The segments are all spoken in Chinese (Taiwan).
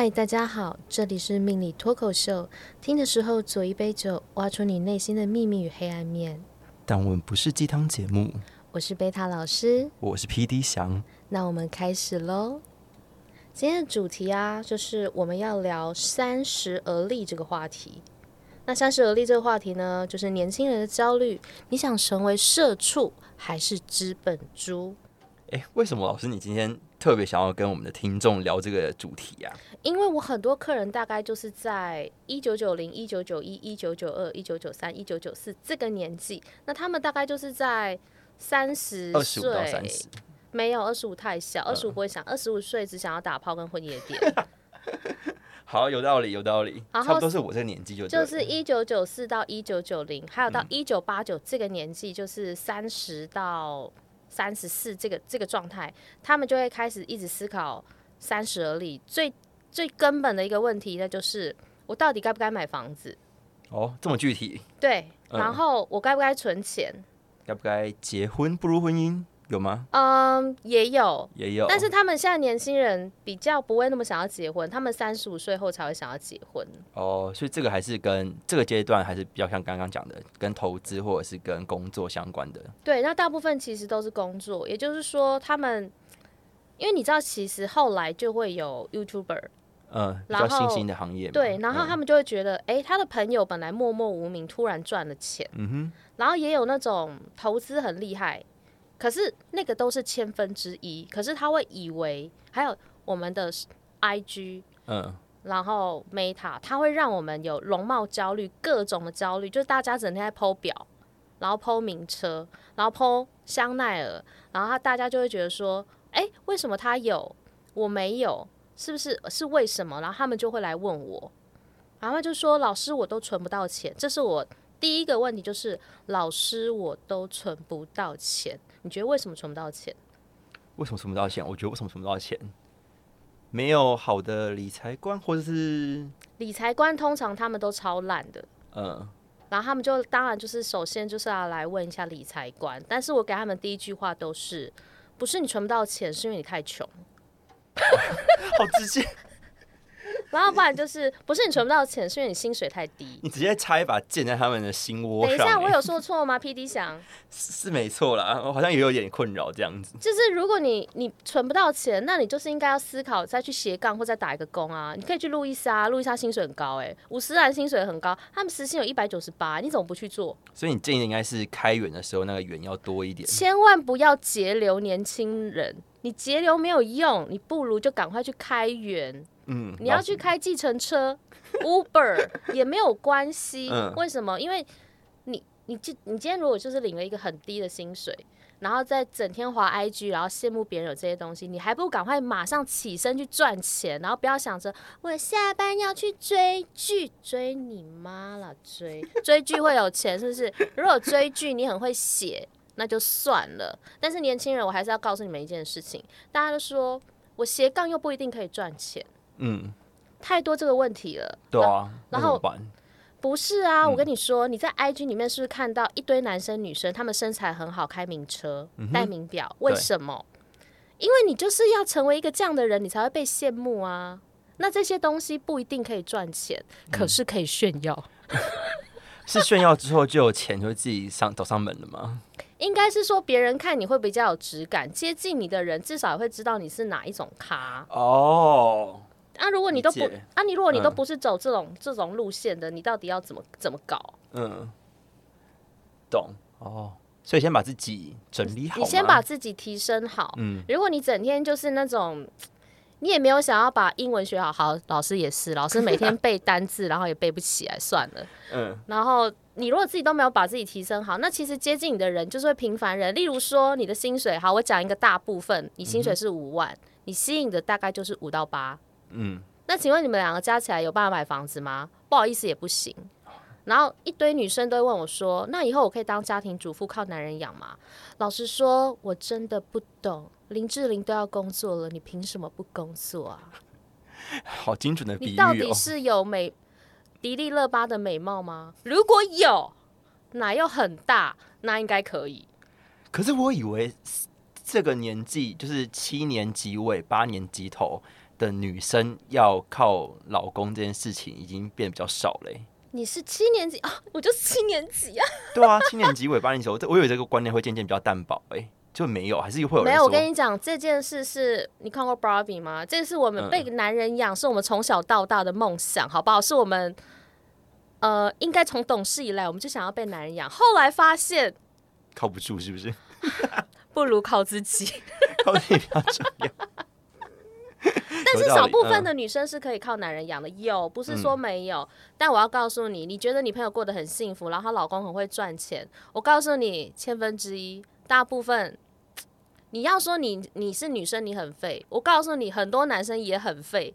嗨，大家好，這裡是命理脫口秀。聽的時候，左一杯酒，挖出你內心的秘密與黑暗面。但我們不是雞湯節目。我是貝塔老師，我是 PD 祥。那我們開始嘍。今天的主題啊，就是我們要聊三十而立這個話題。那三十而立這個話題呢，就是年輕人的焦慮。你想成為社畜，還是資本豬？哎、欸，為什麼老師你今天？特別想要跟我們的聽眾聊這個主題啊，因為我很多客人大概就是在一九九零、一九九一、一九九二、一九九三、一九九四這個年紀，那他們大概就是在三十歲，二十五到三十，沒有二十五太小，二十五不會想，二十五歲只想要打炮跟混夜店。 好，有道理，有道理，差不多是我這個年紀，就就是一九九四到一九九零，還有到一九八九這個年紀，就是三十到。嗯三十四這個這個狀態，他們就會開始一直思考三十而立最最根本的一個問題，那就是我到底該不該買房子？哦，這麼具體。對，然後我該不該存錢？嗯、該不該結婚步入婚姻？有嗎？嗯，也有，也有。但是他們現在年輕人比較不會那麼想要結婚，他們三十五歲後才會想要結婚。哦，所以這個還是跟這個階段還是比較像剛剛講的，跟投資或者是跟工作相關的。對，那大部分其實都是工作，也就是說他們，因為你知道，其實後來就會有 YouTuber，嗯，然後比較新興的行業。對，然後他們就會覺得，哎、嗯欸，他的朋友本來默默無名，突然賺了錢、嗯哼。然後也有那種投資很厲害。可是那個都是千分之一，可是他會以為還有我們的 IG，嗯，然後 Meta，他會讓我們有容貌焦慮，各種的焦慮，就是大家整天在 po 錶，然後 po 名車，然後 po 香奈兒，然後他大家就會覺得說，哎，為什麼他有我沒有？是不是是為什麼？然後他們就會來問我，然後就說老師，我都存不到錢，這是我第一個問題，就是老師我都存不到錢。你覺得為什麼存不到錢？為什麼存不到錢？我覺得為什麼存不到錢？沒有好的理財觀，或者是，是理財觀。通常他們都超爛的。嗯，然後他們就當然就是首先就是要來問一下理財觀。但是我給他們第一句話都是：不是你存不到錢，是因為你太窮。 好直接。 然後不然就是，不是你存不到錢，是因為你薪水太低。你直接插一把劍在他們的心窩上，欸。等一下，我有說錯嗎？P D 翔是，是沒錯啦，我好像也有點困擾這樣子。就是如果你你存不到錢，那你就是應該要思考再去斜槓或再打一個工啊。你可以去路易莎，路易莎薪水很高，欸，哎，五十嵐薪水很高，他們時薪有一百九十八，你怎麼不去做？所以你建議應該是開源的時候，那個源要多一點，千萬不要節流年輕人。你節流沒有用，你不如就趕快去開源。嗯，你要去開計程車，Uber 也沒有關係，嗯？為什麼？因為你你今你今天如果就是領了一個很低的薪水，然後在整天滑 IG，然後羨慕別人有這些東西，你還不趕快馬上起身去賺錢，然後不要想着我下班要去追劇，追你媽了！追追劇會有錢是不是？ 如果追劇你很會寫，那就算了。但是年輕人，我還是要告訴你們一件事情：大家都說我斜槓又不一定可以賺錢。嗯，太多這個問題了。對啊，然後那麼，不是啊、嗯，我跟你說，你在 IG 裡面是不是看到一堆男生女生，嗯、他們身材很好，開名車，戴名錶、嗯？為什麼？因為你就是要成為一個這樣的人，你才會被羨慕啊。那這些東西不一定可以賺錢、嗯，可是可以炫耀。 是炫耀之後就有錢，就會自己上走上門了嗎？應該是說別人看你會比較有質感，接近你的人至少也會知道你是哪一種咖哦。Oh. 那、啊、如果你都不啊，你如果你都不是走這種、嗯、這種路線的，你到底要怎麼怎麼搞？嗯，懂哦。所以先把自己整理好，你先把自己提升好。嗯，如果你整天就是那種，你也沒有想要把英文學好，好老師也是，老師每天背單字， 然後也背不起來，算了。嗯。然後你如果自己都沒有把自己提升好，那其實接近你的人就是會平凡人。例如說你的薪水，好，我講一個大部分，你薪水是五萬、嗯，你吸引的大概就是五到八。嗯，那請問你們兩個加起來有辦法買房子嗎？不好意思，也不行。然後一堆女生都會問我說：“那以後我可以當家庭主婦靠男人養嗎？”老實說，我真的不懂。林志玲都要工作了，你憑什麼不工作啊？好精準的比喻，你到底是有美、哦、迪麗熱巴的美貌嗎？如果有，奶又很大，那應該可以。可是我以為這個年紀就是七年級尾，八年級頭。的女生要靠老公這件事情已經變得比較少嘞、欸。你是七年級啊？我就是七年級啊。 對啊，七年級、尾巴年級，我這我以為這個觀念會漸漸比較淡薄哎、欸，就沒有，還是會有人。沒有，我跟你講，這件事是你看過《Barbie》嗎？這是我們被男人養、嗯，是我們從小到大的夢想，好不好？是我們呃，應該從懂事以來，我們就想要被男人養。後來發現靠不住，是不是？ 不如靠自己 靠自己比較重要。 但是少部分的女生是可以靠男人養的，有、嗯、有不是說沒有。但我要告訴你，你覺得你朋友過得很幸福，然後她老公很會賺錢，我告訴你，千分之一。大部分，你要說你你是女生你很廢，我告訴你，很多男生也很廢。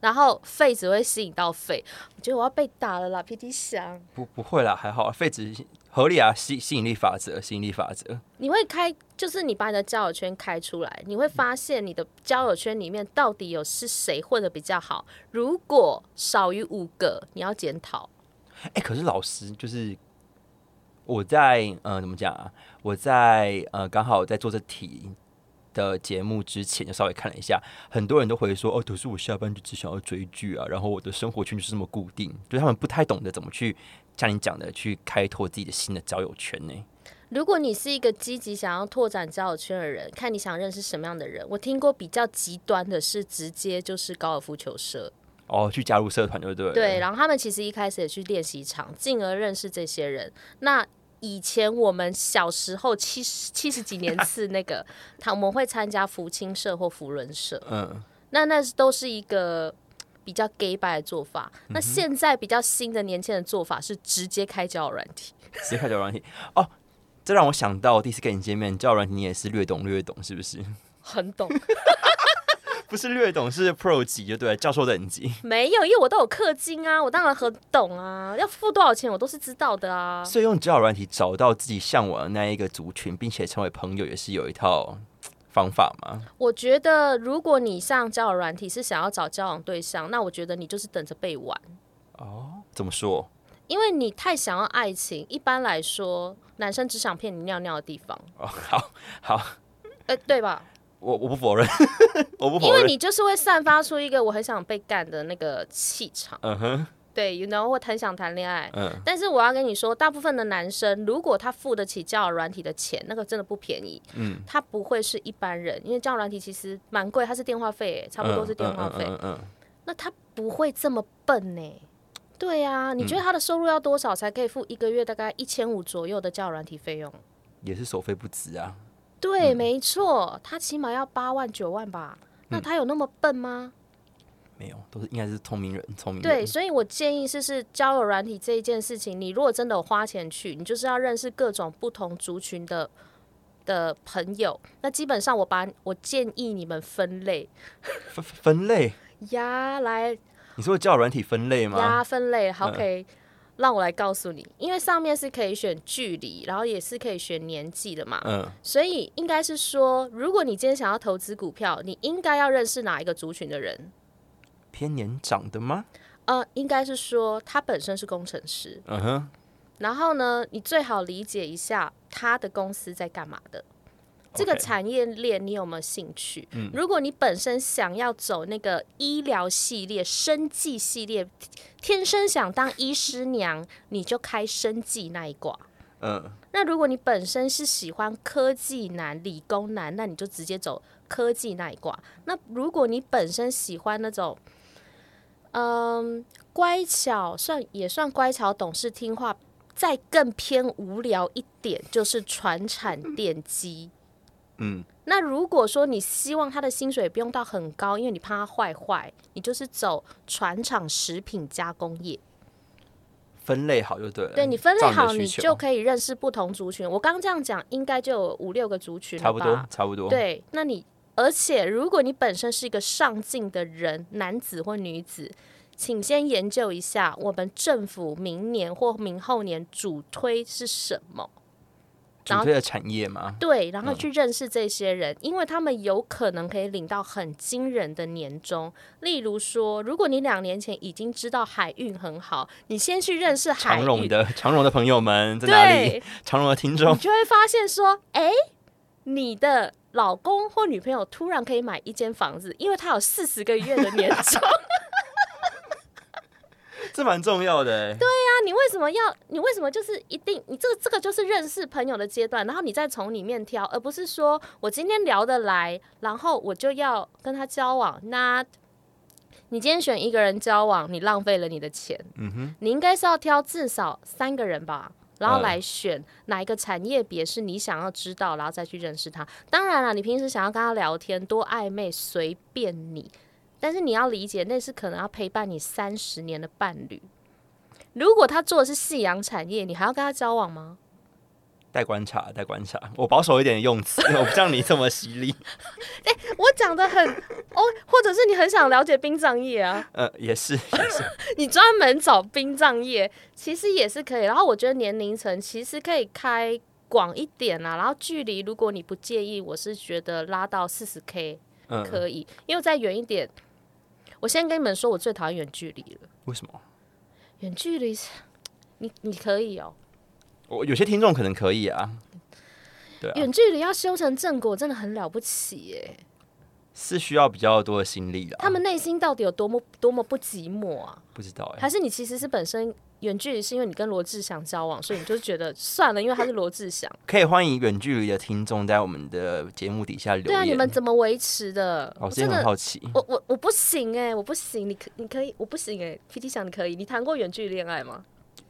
然後廢只會吸引到廢。我覺得我要被打了啦，皮蒂想。不不會啦，還好，廢只。合理啊，吸吸引力法則，吸引力法則。你會開，就是你把你的交友圈開出來，你會發現你的交友圈裡面到底有是誰混得比較好。如果少於五個，你要檢討。哎、欸，可是老師，就是我在呃，怎麼講啊？我在呃，剛好在做這題的節目之前，就稍微看了一下，很多人都回說，哦，可是我下班就只想要追劇啊，然後我的生活圈就是這麼固定，就他們不太懂得怎麼去。像你講的，去開拓自己的新的交友圈呢、欸。如果你是一個積極想要拓展交友圈的人，看你想認識什麼樣的人。我聽過比較極端的是，直接就是高爾夫球社哦，去加入社團，對不對？對。然後他們其實一開始也去練習場，進而認識這些人。那以前我們小時候七十七十幾年次那個，他 們會參加扶青社或扶輪社。嗯，那那都是一個。比較 gay 白的做法，那現在比較新的年輕人的做法是直接開交友軟體、嗯。直接開交友軟體哦，這讓我想到第一次跟你見面，交友軟體，你也是略懂略懂是不是？很懂， 不是略懂，是 pro 級就對了，教授等級。沒有，因為我都有氪金啊，我當然很懂啊，要付多少錢我都是知道的啊。所以用交友軟體找到自己向往的那一個族群，並且成為朋友也是有一套方法嗎？我覺得，如果你上交友軟體是想要找交往對象，那我覺得你就是等着被玩哦。怎麼說？因為你太想要愛情。一般來說，男生只想騙你尿尿的地方。哦，好，好，欸，對吧？我我不否認， 我不否認，因為你就是會散發出一個我很想被幹的那個氣場。嗯哼。對，You know，會很想談戀愛。嗯，但是我要跟你說，大部分的男生，如果他付得起交友軟體的錢，那個真的不便宜。嗯，他不會是一般人，因為交友軟體其實蠻貴，他是電話費，差不多是電話費。嗯，嗯，嗯，嗯，嗯。那他不會這麼笨呢。對啊，你覺得他的收入要多少才可以付一個月大概一千五左右的交友軟體費用？也是收費不值啊。對，嗯、沒錯，他起碼要八萬九萬吧？那他有那麼笨嗎？沒有，都是應該是聰明人，聰明對，所以，我建議就是，是交友軟體這一件事情，你如果真的有花錢去，你就是要認識各種不同族群的的朋友。那基本上，我把我建議你們分類 分分類呀，來、yeah, like，你說交友軟體分類嗎？呀、yeah，分類好，可、okay, 以、嗯、讓我來告訴你，因為上面是可以選距離，然後也是可以選年紀的嘛，嗯，所以應該是說，如果你今天想要投資股票，你應該要認識哪一個族群的人？偏年長的嗎？呃、uh,，應該是說他本身是工程師。嗯哼。然後呢，你最好理解一下他的公司在幹嘛的。Okay. 這個產業鏈你有沒有興趣？嗯。如果你本身想要走那個醫療系列，生技系列，天生想當醫師娘， 你就開生技那一掛。嗯、uh.。那如果你本身是喜歡科技男、理工男，那你就直接走科技那一掛。那如果你本身喜歡那種。嗯，乖巧算也算乖巧懂事聽話，再更偏無聊一點就是傳產電機。嗯，那如果說你希望他的薪水不用到很高，因為你怕他壞壞，你就是走傳產食品加工業，分類好就對了。對，你分類好你，你就可以認識不同族群。我剛剛這樣講，應該就有五六個族群了吧？差不多，差不多。對，那你。而且，如果你本身是一個上進的人，男子或女子，請先研究一下我們政府明年或明後年主推是什麼。主推的產業嗎？對，然後去認識這些人，嗯，因為他們有可能可以領到很驚人的年終。例如說，如果你兩年前已經知道海運很好，你先去認識海運，長榮的長榮的朋友們在哪裡？長榮的聽眾，你就會發現說，哎，你的。老公或女朋友突然可以買一間房子，因為他有四十個月的年終。 這蠻重要的。對呀、啊，你為什麼要？你為什麼就是一定？你這個這個就是認識朋友的階段，然後你再從裡面挑，而不是說我今天聊得來，然後我就要跟他交往。那你今天選一個人交往，你浪費了你的錢。嗯哼，你應該是要挑至少三個人吧。然後來選哪一個產業別是你想要知道，然後再去認識他。當然了，你平時想要跟他聊天多曖昧隨便你，但是你要理解那是可能要陪伴你三十年的伴侶。如果他做的是夕陽產業，你還要跟他交往嗎？待觀察，待觀察。我保守一點用詞， 我不像你這麼犀利。哎、欸，我講得很哦，或者是你很想了解殯葬業啊？嗯、呃，也是，也是。 你專門找殯葬業，其實也是可以。然後我覺得年齡層其實可以開廣一點啊。然後距離，如果你不介意，我是覺得拉到四十 K 可以，嗯、因為再遠一點，我先跟你們說，我最討厭遠距離了。為什麼？遠距離，你你可以哦。我有些聽眾可能可以啊，對啊，遠距離要修成正果真的很了不起耶，是需要比較多的心力的。他們內心到底有多麼多麼不寂寞啊？不知道哎，還是你其實是本身遠距離是因為你跟羅志祥交往，所以你就覺得 算了，因為他是羅志祥。可以歡迎遠距離的聽眾在我們的節目底下留言。對啊，你們怎麼維持的，哦很好？我真的很好奇。我我我不行哎，我不行，你你可以，我不行哎，P T 祥你可以，你談過遠距離戀愛嗎？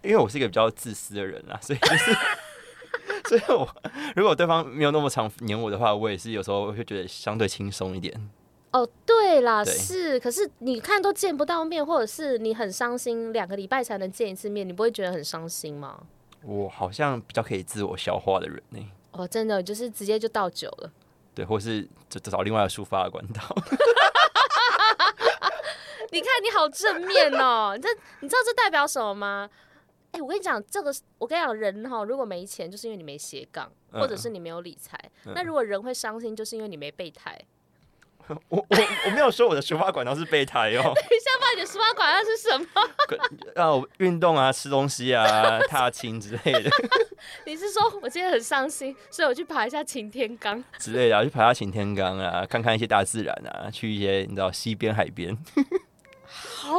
因為我是一個比較自私的人啊，所以就是， 所以我如果對方沒有那麼常黏我的話，我也是有時候會覺得相對輕鬆一點。哦，對啦，對，是，可是你看都見不到面，或者是你很傷心，兩個禮拜才能見一次面，你不會覺得很傷心嗎？我好像比較可以自我消化的人呢、欸。哦，真的就是直接就倒酒了，對，或者是找找另外一個抒發的管道。 你看你好正面哦，這你知道這代表什麼嗎？欸、我跟你講，這個我跟你講，人哈，如果沒錢，就是因為你沒斜槓，或者是你沒有理財、嗯嗯。那如果人會傷心，就是因為你沒備胎。我我我沒有說我的抒發管道是備胎哦、喔。 等一下吧，你的抒發管道是什麼？啊，運動啊，吃東西啊，踏青之類的。 你是說我今天很傷心，所以我去爬一下擎天崗之類的、啊，去爬下擎天崗啊，看看一些大自然啊，去一些你知道西邊海邊。 好。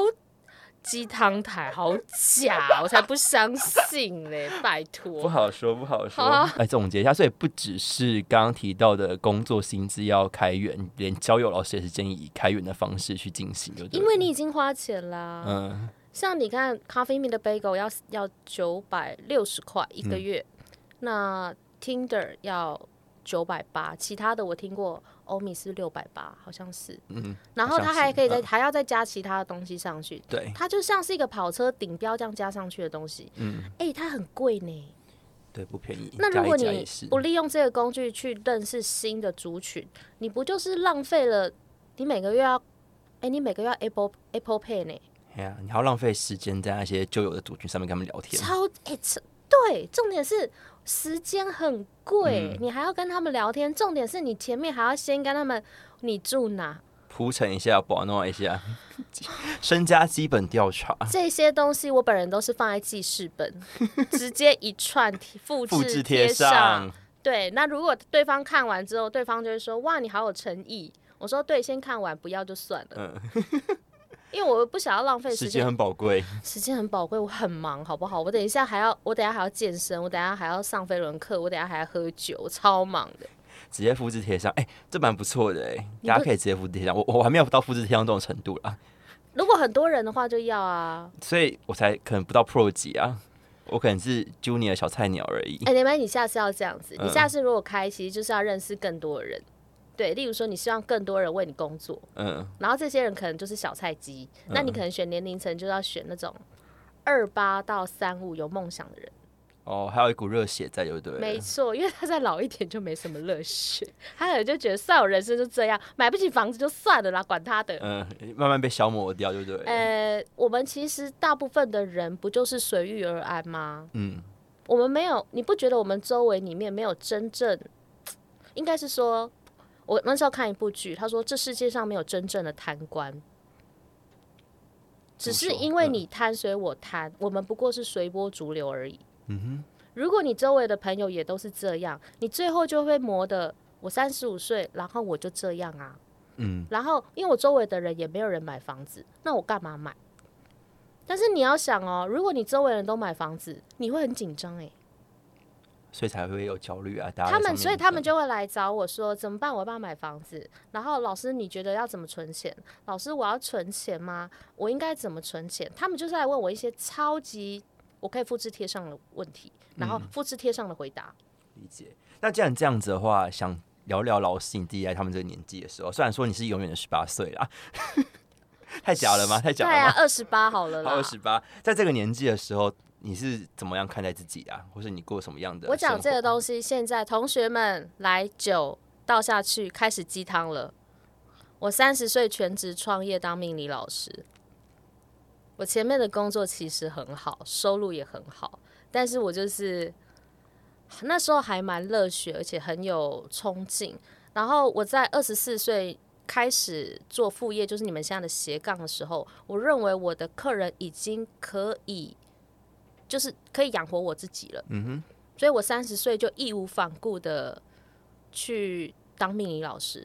雞湯台好假，我才不相信呢、欸！ 拜託，不好說，不好說好、啊。哎，總結一下，所以不只是剛剛提到的工作薪資要開源，連交友老師也是建議以開源的方式去進行就對，對，因為你已經花錢啦。嗯，像你看 Coffee Meets Bagel 要要九百六十塊一個月，嗯、那 Tinder 要九百八，其他的我聽過。歐米是六百八，好像是。嗯，是，然後它還可以再、嗯、還要再加其他的東西上去。對，它就像是一個跑車頂標這樣加上去的東西。嗯，哎、欸，它很貴呢。對，不便宜。那如果你不利用這個工具去認識新的族群，加加你不就是浪費了你每個月要、欸？你每個月要哎，你每個月 Apple Apple Pay 呢？哎呀，你要浪費時間在那些舊有的族群上面跟他們聊天。超、欸、對，重點是。時間很貴，嗯，你還要跟他們聊天。重點是你前面還要先跟他們，你住哪？鋪陳一下，保弄一下， 身家基本調查這些東西，我本人都是放在記事本， 直接一串複製貼上，複製貼上。對，那如果對方看完之後，對方就會說：“哇，你好有誠意。”我說：“對，先看完不要就算了。”嗯。 因為我不想要浪費時間，時間很寶貴，時間很寶貴， 我很忙，好不好？我等一下還要，我等一下還要健身，我等一下還要上飛輪課，我等一下還要喝酒，我超忙的。直接複製貼上，哎、欸，這蠻不錯的哎、欸，大家可以直接複製貼上。我我還沒有到複製貼上這種程度啦。如果很多人的話，就要啊。所以我才可能不到 Pro 級啊，我可能是 Junior 小菜鳥而已。哎、欸，你們，你下次要這樣子、嗯，你下次如果開，其實就是要認識更多人。對，例如說，你希望更多人為你工作，嗯，然後這些人可能就是小菜雞、嗯，那你可能選年齡層就要選那種二八到三五有夢想的人，哦，還有一股熱血在，對不對？沒錯，因為他再老一點就沒什麼熱血， 他有就覺得算我人生就這樣，買不起房子就算了啦，管他的，嗯，慢慢被消磨掉，對不對？呃，我們其實大部分的人不就是隨遇而安嗎？嗯，我們沒有，你不覺得我們周圍裡面沒有真正，應該是說。我那時候看一部劇，他說：“這世界上沒有真正的貪官，只是因為你貪，所以我貪，我們不過是隨波逐流而已。”嗯哼。如果你周圍的朋友也都是這樣，你最後就會磨的。我三十五歲，然後我就這樣啊。嗯。然後，因為我周圍的人也沒有人買房子，那我幹嘛買？但是你要想哦，如果你周圍人都買房子，你會很緊張哎。所以才會有焦慮啊大家！他們，所以他們就會來找我說：“怎麼辦？我要買房子。”然後老師，你覺得要怎麼存錢？老師，我要存錢嗎？我應該怎麼存錢？他們就是來問我一些超級我可以複制貼上的問題，然後複制貼上的回答、嗯。理解。那既然這樣子的話，想聊聊老師，你第一他們這個年紀的時候，雖然說你是永遠的十八歲啦 太假了，太假了嗎？太假了。二十八好了二十八，28, 在這個年紀的時候。你是怎麼樣看待自己的啊，或是你過什麼樣的？我講這個東西，現在同學們來酒倒下去，開始雞湯了。我三十歲全職創業當命理老師，我前面的工作其實很好，收入也很好，但是我就是那時候還蠻熱血，而且很有衝勁。然後我在二十四歲開始做副業，就是你們現在的斜槓的時候，我認為我的客人已經可以。就是可以養活我自己了，嗯哼，所以我三十歲就義無反顧的去當命理老師，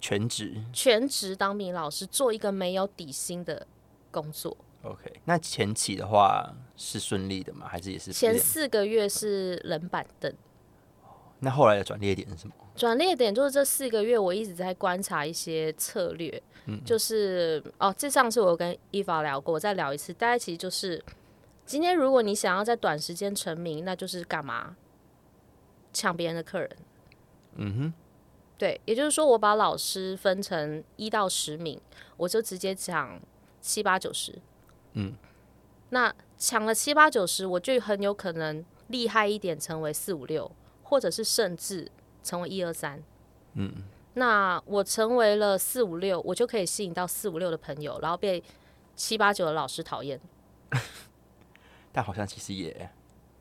全職，全職當命理老師，做一個沒有底薪的工作。OK，那前期的話是順利的嗎？還是也是？前四個月是冷板凳。嗯，那後來的轉捩點是什麼？轉捩點就是這四個月我一直在觀察一些策略，嗯，就是哦，這上次我跟 Eva 聊過，我再聊一次，大家其實就是。今天如果你想要在短時間成名，那就是幹嘛？搶別人的客人。嗯哼，對，也就是說，我把老師分成一到十名，我就直接搶七八九十。嗯，那搶了七八九十，我就很有可能厲害一點，成為四五六，或者是甚至成為一二三。嗯，那我成為了四五六，我就可以吸引到四五六的朋友，然後被七八九的老師討厭。但好像其實也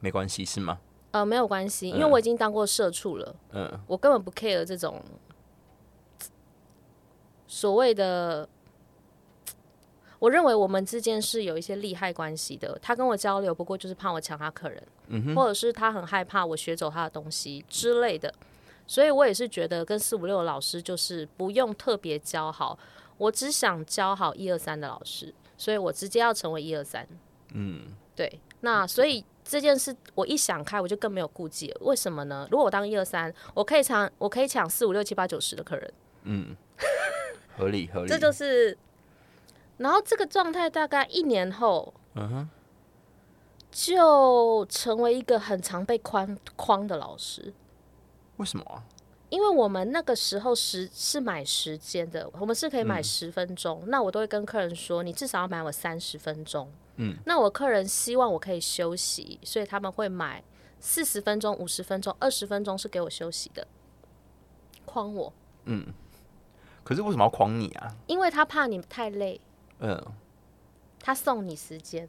沒關係，是嗎？呃，沒有關係，因為我已經當過社畜了。嗯、呃，我根本不 care 這種所謂的。我認為我們之間是有一些利害關係的。他跟我交流，不過就是怕我搶他客人。嗯哼，或者是他很害怕我學走他的東西之類的。所以我也是覺得跟四五六的老師就是不用特別教好，我只想教好一二三的老師，所以我直接要成為一二三。嗯。對，那所以這件事我一想開，我就更沒有顧忌了。為什麼呢？如果我當一二三，我可以搶，我可以搶四五六七八九十的客人。嗯，合理合理。 這就是，然後這個狀態大概一年後，嗯哼，就成為一個很常被框框的老師。為什麼啊？因為我們那個時候時是買時間的，我們是可以買十分鐘，嗯，那我都會跟客人說，你至少要買我三十分鐘。嗯，那我的客人希望我可以休息，所以他們會買四十分鐘、五十分鐘、二十分鐘是給我休息的，框我。嗯，可是為什麼要框你啊？因為他怕你太累。嗯，他送你時間，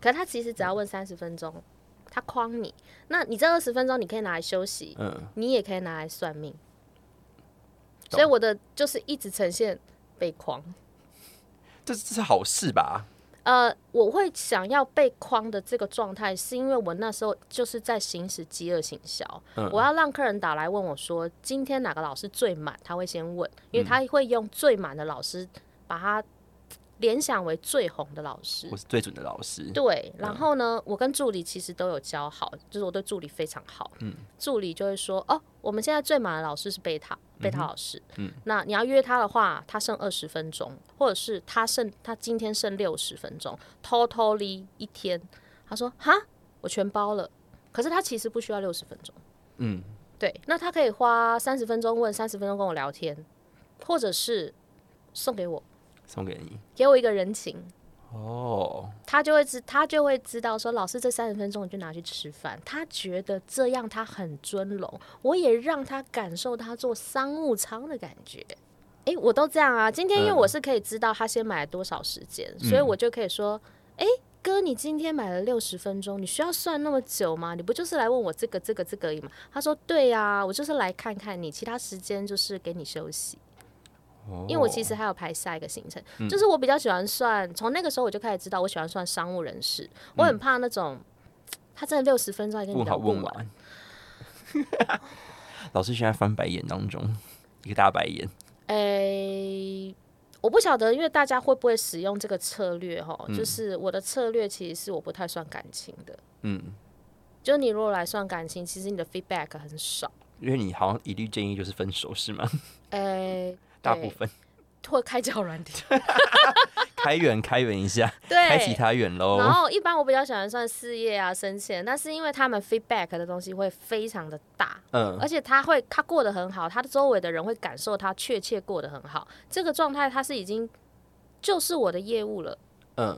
可是他其實只要問三十分鐘，嗯，他框你。那你這二十分鐘你可以拿來休息，嗯，你也可以拿來算命。所以我的就是一直呈現被框，這這是好事吧？呃，我會想要被框的這個狀態，是因為我那時候就是在行使飢餓行銷，嗯。我要讓客人打來問我說，今天哪個老師最滿？他會先問，因為他會用最滿的老師，把他聯想為最紅的老師。我是最準的老師。對，然後呢，嗯，我跟助理其實都有交好，就是我對助理非常好。嗯，助理就會說，哦，我們現在最滿的老師是貝塔。貝塔老師嗯，嗯，那你要約他的話，他剩二十分鐘，或者是他剩他今天剩六十分鐘，totally 一天，他說哈，我全包了，可是他其實不需要六十分鐘，嗯，對，那他可以花三十分鐘問，三十分鐘跟我聊天，或者是送給我，送給你，給我一個人情。哦、oh.，他就會知，他就會知道說，老師這三十分鐘你就拿去吃飯。他覺得這樣他很尊榮，我也讓他感受他坐商務艙的感覺。哎、欸，我都這樣啊。今天因為我是可以知道他先買了多少時間、嗯，所以我就可以說，哎、欸、哥，你今天買了六十分鐘，你需要算那麼久嗎？你不就是來問我這個、這個、這個而已嗎？’他說對呀、啊，我就是來看看你，其他時間就是給你休息。因為我其實還有排下一個行程，哦、就是我比較喜歡算。從、嗯、那個時候我就開始知道，我喜歡算商務人士。嗯、我很怕那種他真的六十分鐘還跟你講不完，問好問完， 老師現在翻白眼當中一個大白眼。哎、欸，我不曉得，因為大家會不會使用這個策略？哈、嗯，就是我的策略其實是我不太算感情的。嗯，就你如果來算感情，其實你的 feedback 很少，因為你好像一律建議就是分手，是嗎？哎、欸。大部分會開腳軟體， 開遠、開遠一下，對開啟他遠嘍。然後一般我比較喜歡算事業啊、升遷，但是因為他們 feedback 的東西會非常的大，嗯，而且他會他過得很好，他的周圍的人會感受他確切過得很好，這個狀態他是已經就是我的業務了，嗯，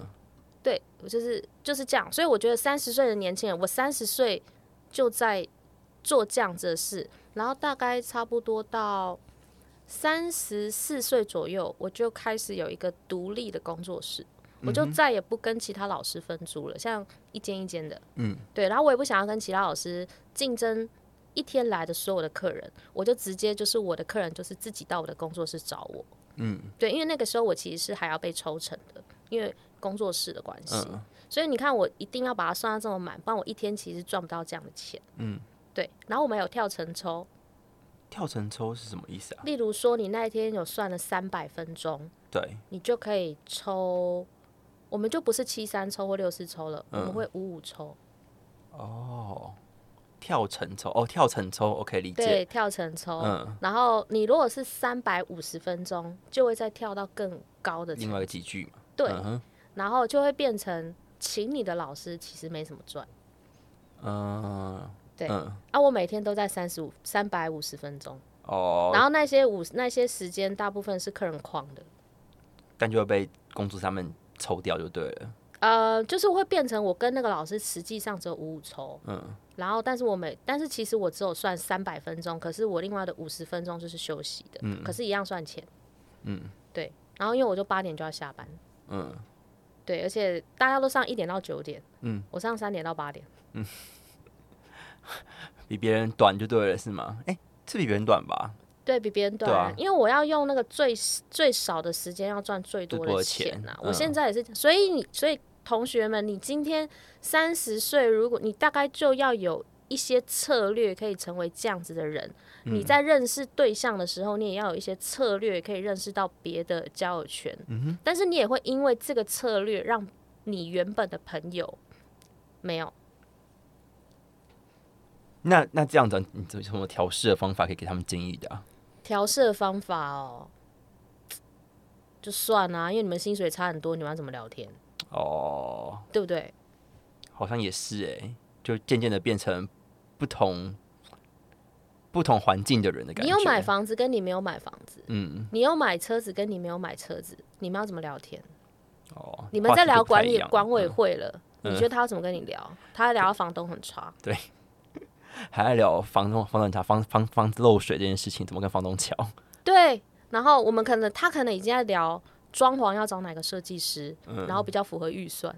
對，我就是就是這樣，所以我覺得三十歲的年輕人，我三十歲就在做這樣這的事，然後大概差不多到。三十四歲左右，我就開始有一個獨立的工作室、嗯，我就再也不跟其他老師分租了，像一間一間的。嗯，對，然後我也不想要跟其他老師競爭，一天來的所有的客人，我就直接就是我的客人就是自己到我的工作室找我。嗯，對，因為那個時候我其實是還要被抽成的，因為工作室的關係、嗯，所以你看我一定要把它算得這麼滿，不然我一天其實賺不到這樣的錢。嗯，對，然後我們有跳層抽。跳成抽是什麼意思啊？例如說，你那一天有算了三百分鐘，對，你就可以抽，我們就不是七三抽或六四抽了，嗯、我們會五五抽。哦，跳成抽哦，跳成抽，OK，理解。對，跳成抽，嗯、然後你如果是三百五十分鐘，就會再跳到更高的，另外幾句嘛，對、嗯，然後就會變成請你的老師，其實沒什麼賺。嗯。對，嗯、啊，我每天都在三十五三百五十分鐘哦，然後那些五那些時間大部分是客人框的，但就會被工作上面抽掉就對了。呃，就是會變成我跟那個老師實際上只有五五抽，嗯，然後但是我每但是其實我只有算三百分鐘，可是我另外的五十分鐘就是休息的，嗯，可是一樣算錢，嗯，對，然後因為我就八點就要下班，嗯，對，而且大家都上一點到九點，嗯，我上三點到八點，嗯。 比別人短就對了，是嗎？哎、欸，是比別人短吧？對，比別人短、啊啊，因為我要用那個最最少的時間，要賺最多的錢吶、啊嗯。我現在也是這樣，所以你，所以同學們，你今天三十歲，如果你大概就要有一些策略，可以成為這樣子的人、嗯。你在認識對象的時候，你也要有一些策略，可以認識到別的交友圈、嗯哼。但是你也會因為這個策略，讓你原本的朋友沒有。那那這樣子，你有什麼調試的方法可以給他們建議的調、啊、調試的方法哦，就算啦、啊，因為你們薪水差很多，你們要怎麼聊天？哦，對不對？好像也是哎、欸，就漸漸的變成不同不同環境的人的感覺。你有買房子，跟你沒有買房子，嗯，你有買車子，跟你沒有買車子，你們要怎麼聊天？哦，你們在聊管理管委會了、嗯，你覺得他要怎麼跟你聊？嗯、他聊到房東很差，對。對還在聊房東、房產查、房房房子漏水這件事情，怎麼跟房東講？對，然後我們可能他可能已經在聊裝潢要找哪個設計師、嗯，然後比較符合預算。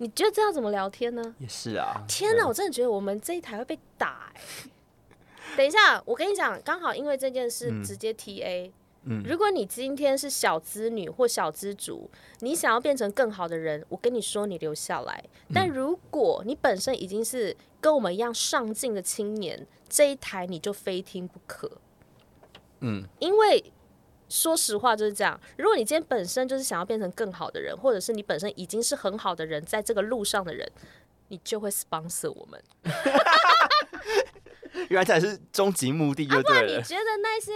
你覺得這樣怎麼聊天呢？也是啊！天哪，啊、我真的覺得我們這一台會被打、欸。 等一下，我跟你講，剛好因為這件事、嗯、直接 TA。如果你今天是小資女或小資族，你想要變成更好的人，我跟你說，你留下來。但如果你本身已經是跟我們一樣上進的青年，這一台你就非聽不可。嗯，因為說實話就是這樣。如果你今天本身就是想要變成更好的人，或者是你本身已經是很好的人，在這個路上的人，你就會 sponsor 我們。 原來才是終極目的，就對了。啊、你覺得那些？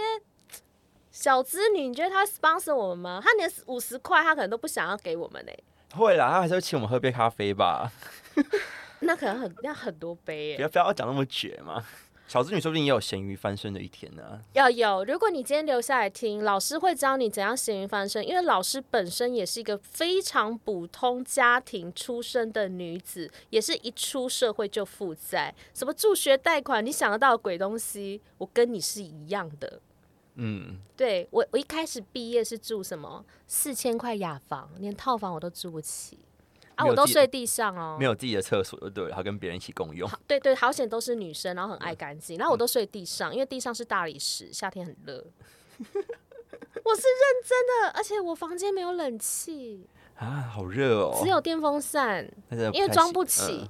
小資女，你覺得她會 sponsor 我們嗎？她連五十塊，她可能都不想要給我們嘞、欸。會啦，她還是會請我們喝杯咖啡吧。 那可能很那很多杯、欸、不要不要講那麼絕嘛！小資女說不定也有鹹魚翻身的一天呢、啊。要有，有，如果你今天留下來聽，老師會教你怎樣鹹魚翻身。因為老師本身也是一個非常普通家庭出身的女子，也是一出社會就負債，什麼助學貸款，你想得到的鬼東西，我跟你是一樣的。嗯，對我我一開始畢業是住什麼四千塊雅房，連套房我都住不起啊，我都睡地上哦、喔，沒有自己的廁所就對了，好跟別人一起共用。對，對對，好險都是女生，然後很愛乾淨、嗯，然後我都睡地上，因為地上是大理石，夏天很熱。 我是認真的，而且我房間沒有冷氣啊，好熱哦、喔，只有電風扇，因為裝不起、嗯。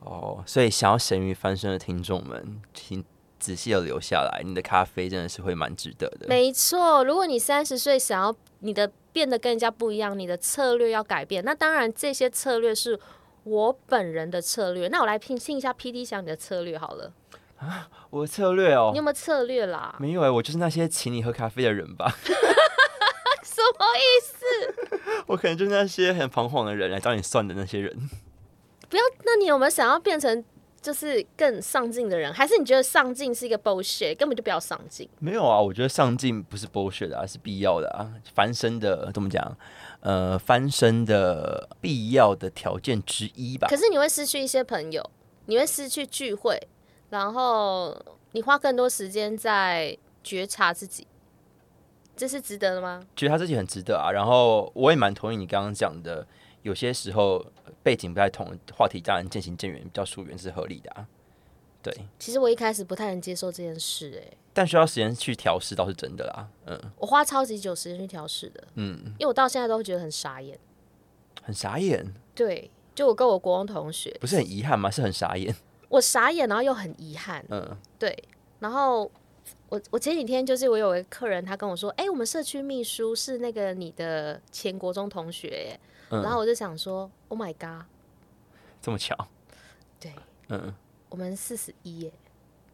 哦，所以想要鹹魚翻身的聽眾們請仔細的留下來，你的咖啡真的是會蠻值得的。沒錯，如果你三十歲想要你的變得跟人家不一樣，你的策略要改變。那當然，這些策略是我本人的策略。那我來聽聽一下 PD 想你的策略好了。啊，我的策略哦？你有沒有策略啦？沒有哎、欸，我就是那些請你喝咖啡的人吧。 什麼意思？ 我可能就是那些很彷徨的人來找你算的那些人。不要，那你有沒有想要變成？就是更上進的人，還是你覺得上進是一個 bullshit，根本就不要上進？沒有啊，我覺得上進不是 bullshit 的啊，是必要的啊，翻身的怎麼講？呃，翻身的必要的條件之一吧。可是你會失去一些朋友，你會失去聚會，然後你花更多時間在覺察自己，這是值得的嗎？覺得他自己很值得啊，然後我也蠻同意你剛剛講的。有些時候背景不太同，話題當然漸行漸遠，比較疏遠是合理的啊。對，其實我一開始不太能接受這件事，欸，哎，但需要時間去調適倒是真的啦。嗯，我花超級久時間去調適的，嗯，因為我到現在都會覺得很傻眼，很傻眼。對，就我跟我國中同學，不是很遺憾嗎？是很傻眼，我傻眼，然後又很遺憾。嗯，對，然後我我前幾天就是我有一個客人，他跟我說，哎，欸，我們社區秘書是那個你的前國中同學，欸。嗯、然後我就想說，Oh my God，這麼巧？對，嗯嗯，我們四十一耶，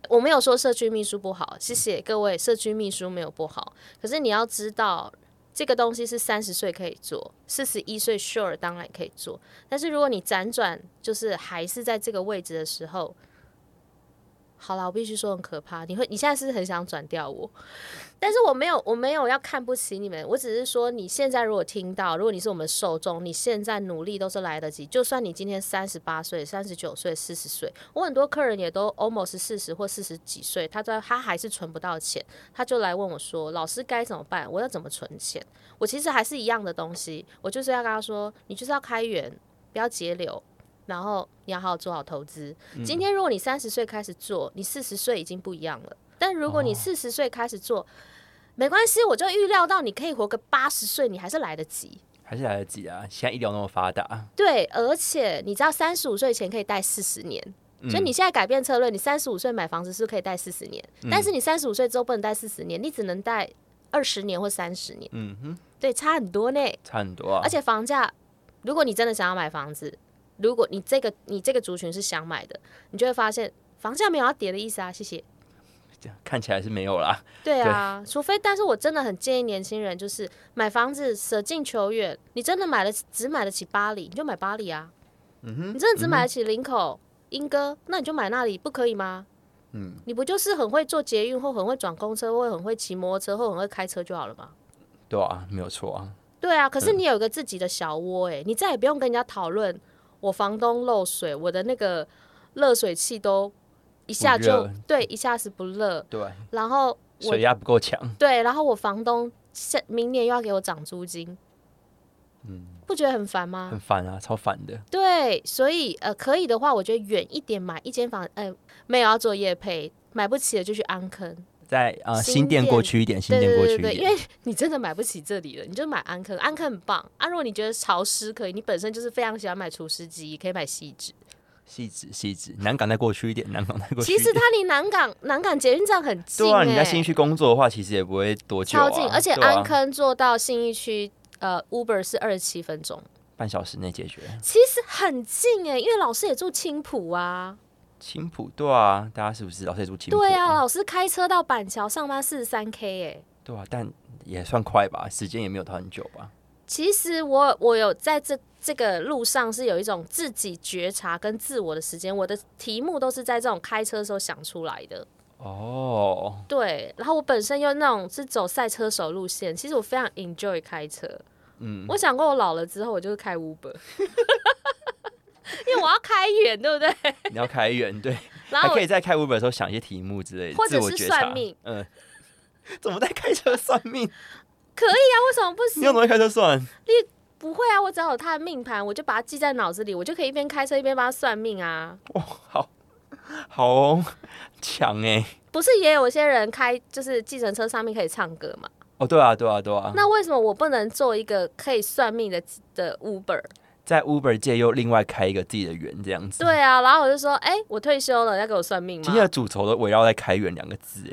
我沒有說社區秘書不好，謝謝各位、嗯，社區秘書沒有不好。可是你要知道，這個東西是三十歲可以做，四十一歲 Sure 當然可以做。但是如果你輾轉就是還是在這個位置的時候，好了，我必須說很可怕。你會，你現在是不是很想轉掉我？但是我沒有，我沒有要看不起你們。我只是說，你現在如果聽到，如果你是我們受眾，你現在努力都是來得及。就算你今天三十八歲、三十九歲、四十歲，我很多客人也都 almost 四十或四十幾歲，他在他還是存不到錢，他就來問我說：“老師該怎麼辦？我要怎麼存錢？”我其實還是一樣的東西，我就是要跟他說，你就是要開源，不要節流。然後你要好好做好投資。今天如果你三十歲開始做，你四十歲已經不一樣了。但如果你四十歲開始做，沒關係，我就預料到你可以活個八十歲，你還是來得及。還是來得及啊！現在醫療那麼發達。對，而且你知道，三十五歲以前可以貸四十年，所以你現在改變策略，你三十五歲買房子是可以貸四十年，但是你三十五歲之後不能貸四十年，你只能貸二十年或三十年。嗯哼，對，差很多呢。差很多啊！而且房價，如果你真的想要買房子。如果你這個你這個族群是想買的，你就會發現房價沒有要跌的意思啊！謝謝。這樣看起來是沒有啦。對啊，對除非……但是我真的很建議年輕人，就是買房子舍近求遠。你真的買了只買得起八里，你就買八里啊。嗯哼。你真的只買得起林口、嗯、鶯歌，那你就買那裡不可以嗎？嗯。你不就是很會坐捷運，或很會轉公車，或很會騎摩托車，或很會開車就好了嗎？對啊，沒有錯啊。對啊，可是你有一個自己的小窩、欸，哎、嗯，你再也不用跟人家討論。我房東漏水，我的那個熱水器都一下就對，一下子不熱。對，然後水壓不夠強。對，然後我房東下明年又要給我漲租金，嗯，不覺得很煩嗎？很煩啊，超煩的。對，所以呃，可以的話，我覺得遠一點買一間房，哎、呃，沒有要做業配，買不起的就去安坑。在呃新店，新店過去一點，新店過去一點對對對對，因為你真的買不起這裡了，你就買安坑，安坑很棒。啊，如果你覺得潮濕可以，你本身就是非常喜歡買除濕機，可以買汐止，汐止汐止。南港再過去一點，南港再過去一點，其實它離南港南港捷運站很近，欸。對啊，你在信義區工作的話，其實也不會多久，啊。超近，而且安坑坐到信義區、啊、呃 Uber 是二十七分鐘，半小時內解決。其實很近哎，欸，因為老師也住青埔啊。青浦對啊，大家是不是老是住青浦啊？對啊，老師開車到板橋上班四十三 K 哎，對啊，但也算快吧，時間也沒有到很久吧。其實我我有在這這個路上是有一種自己覺察跟自我的時間，我的題目都是在這種開車的時候想出來的。哦、oh.，對，然後我本身又那種是走賽車手路線，其實我非常 enjoy 開車。嗯，我想過我老了之後，我就是開 Uber。 因為我要開遠，對不對？你要開遠，對，然後我，還可以在開 Uber 的時候想一些題目之類的，或者是算命。嗯、呃，怎麼在開車算命？ 可以啊，為什麼不行？你怎麼會開車算？你不會啊，我只要有他的命盤，我就把它記在腦子裡，我就可以一邊開車一邊幫他算命啊。哦，好好強、哦、哎！欸、 不是也有些人開就是計程車上面可以唱歌嗎？哦，對啊，對啊，對啊。那為什麼我不能做一個可以算命的的 Uber？在 Uber 界，又另外開一個自己的園，這樣子。對啊，然後我就說，哎、欸，我退休了，要給我算命嗎？今天的主軸都圍繞在“開源”兩個字。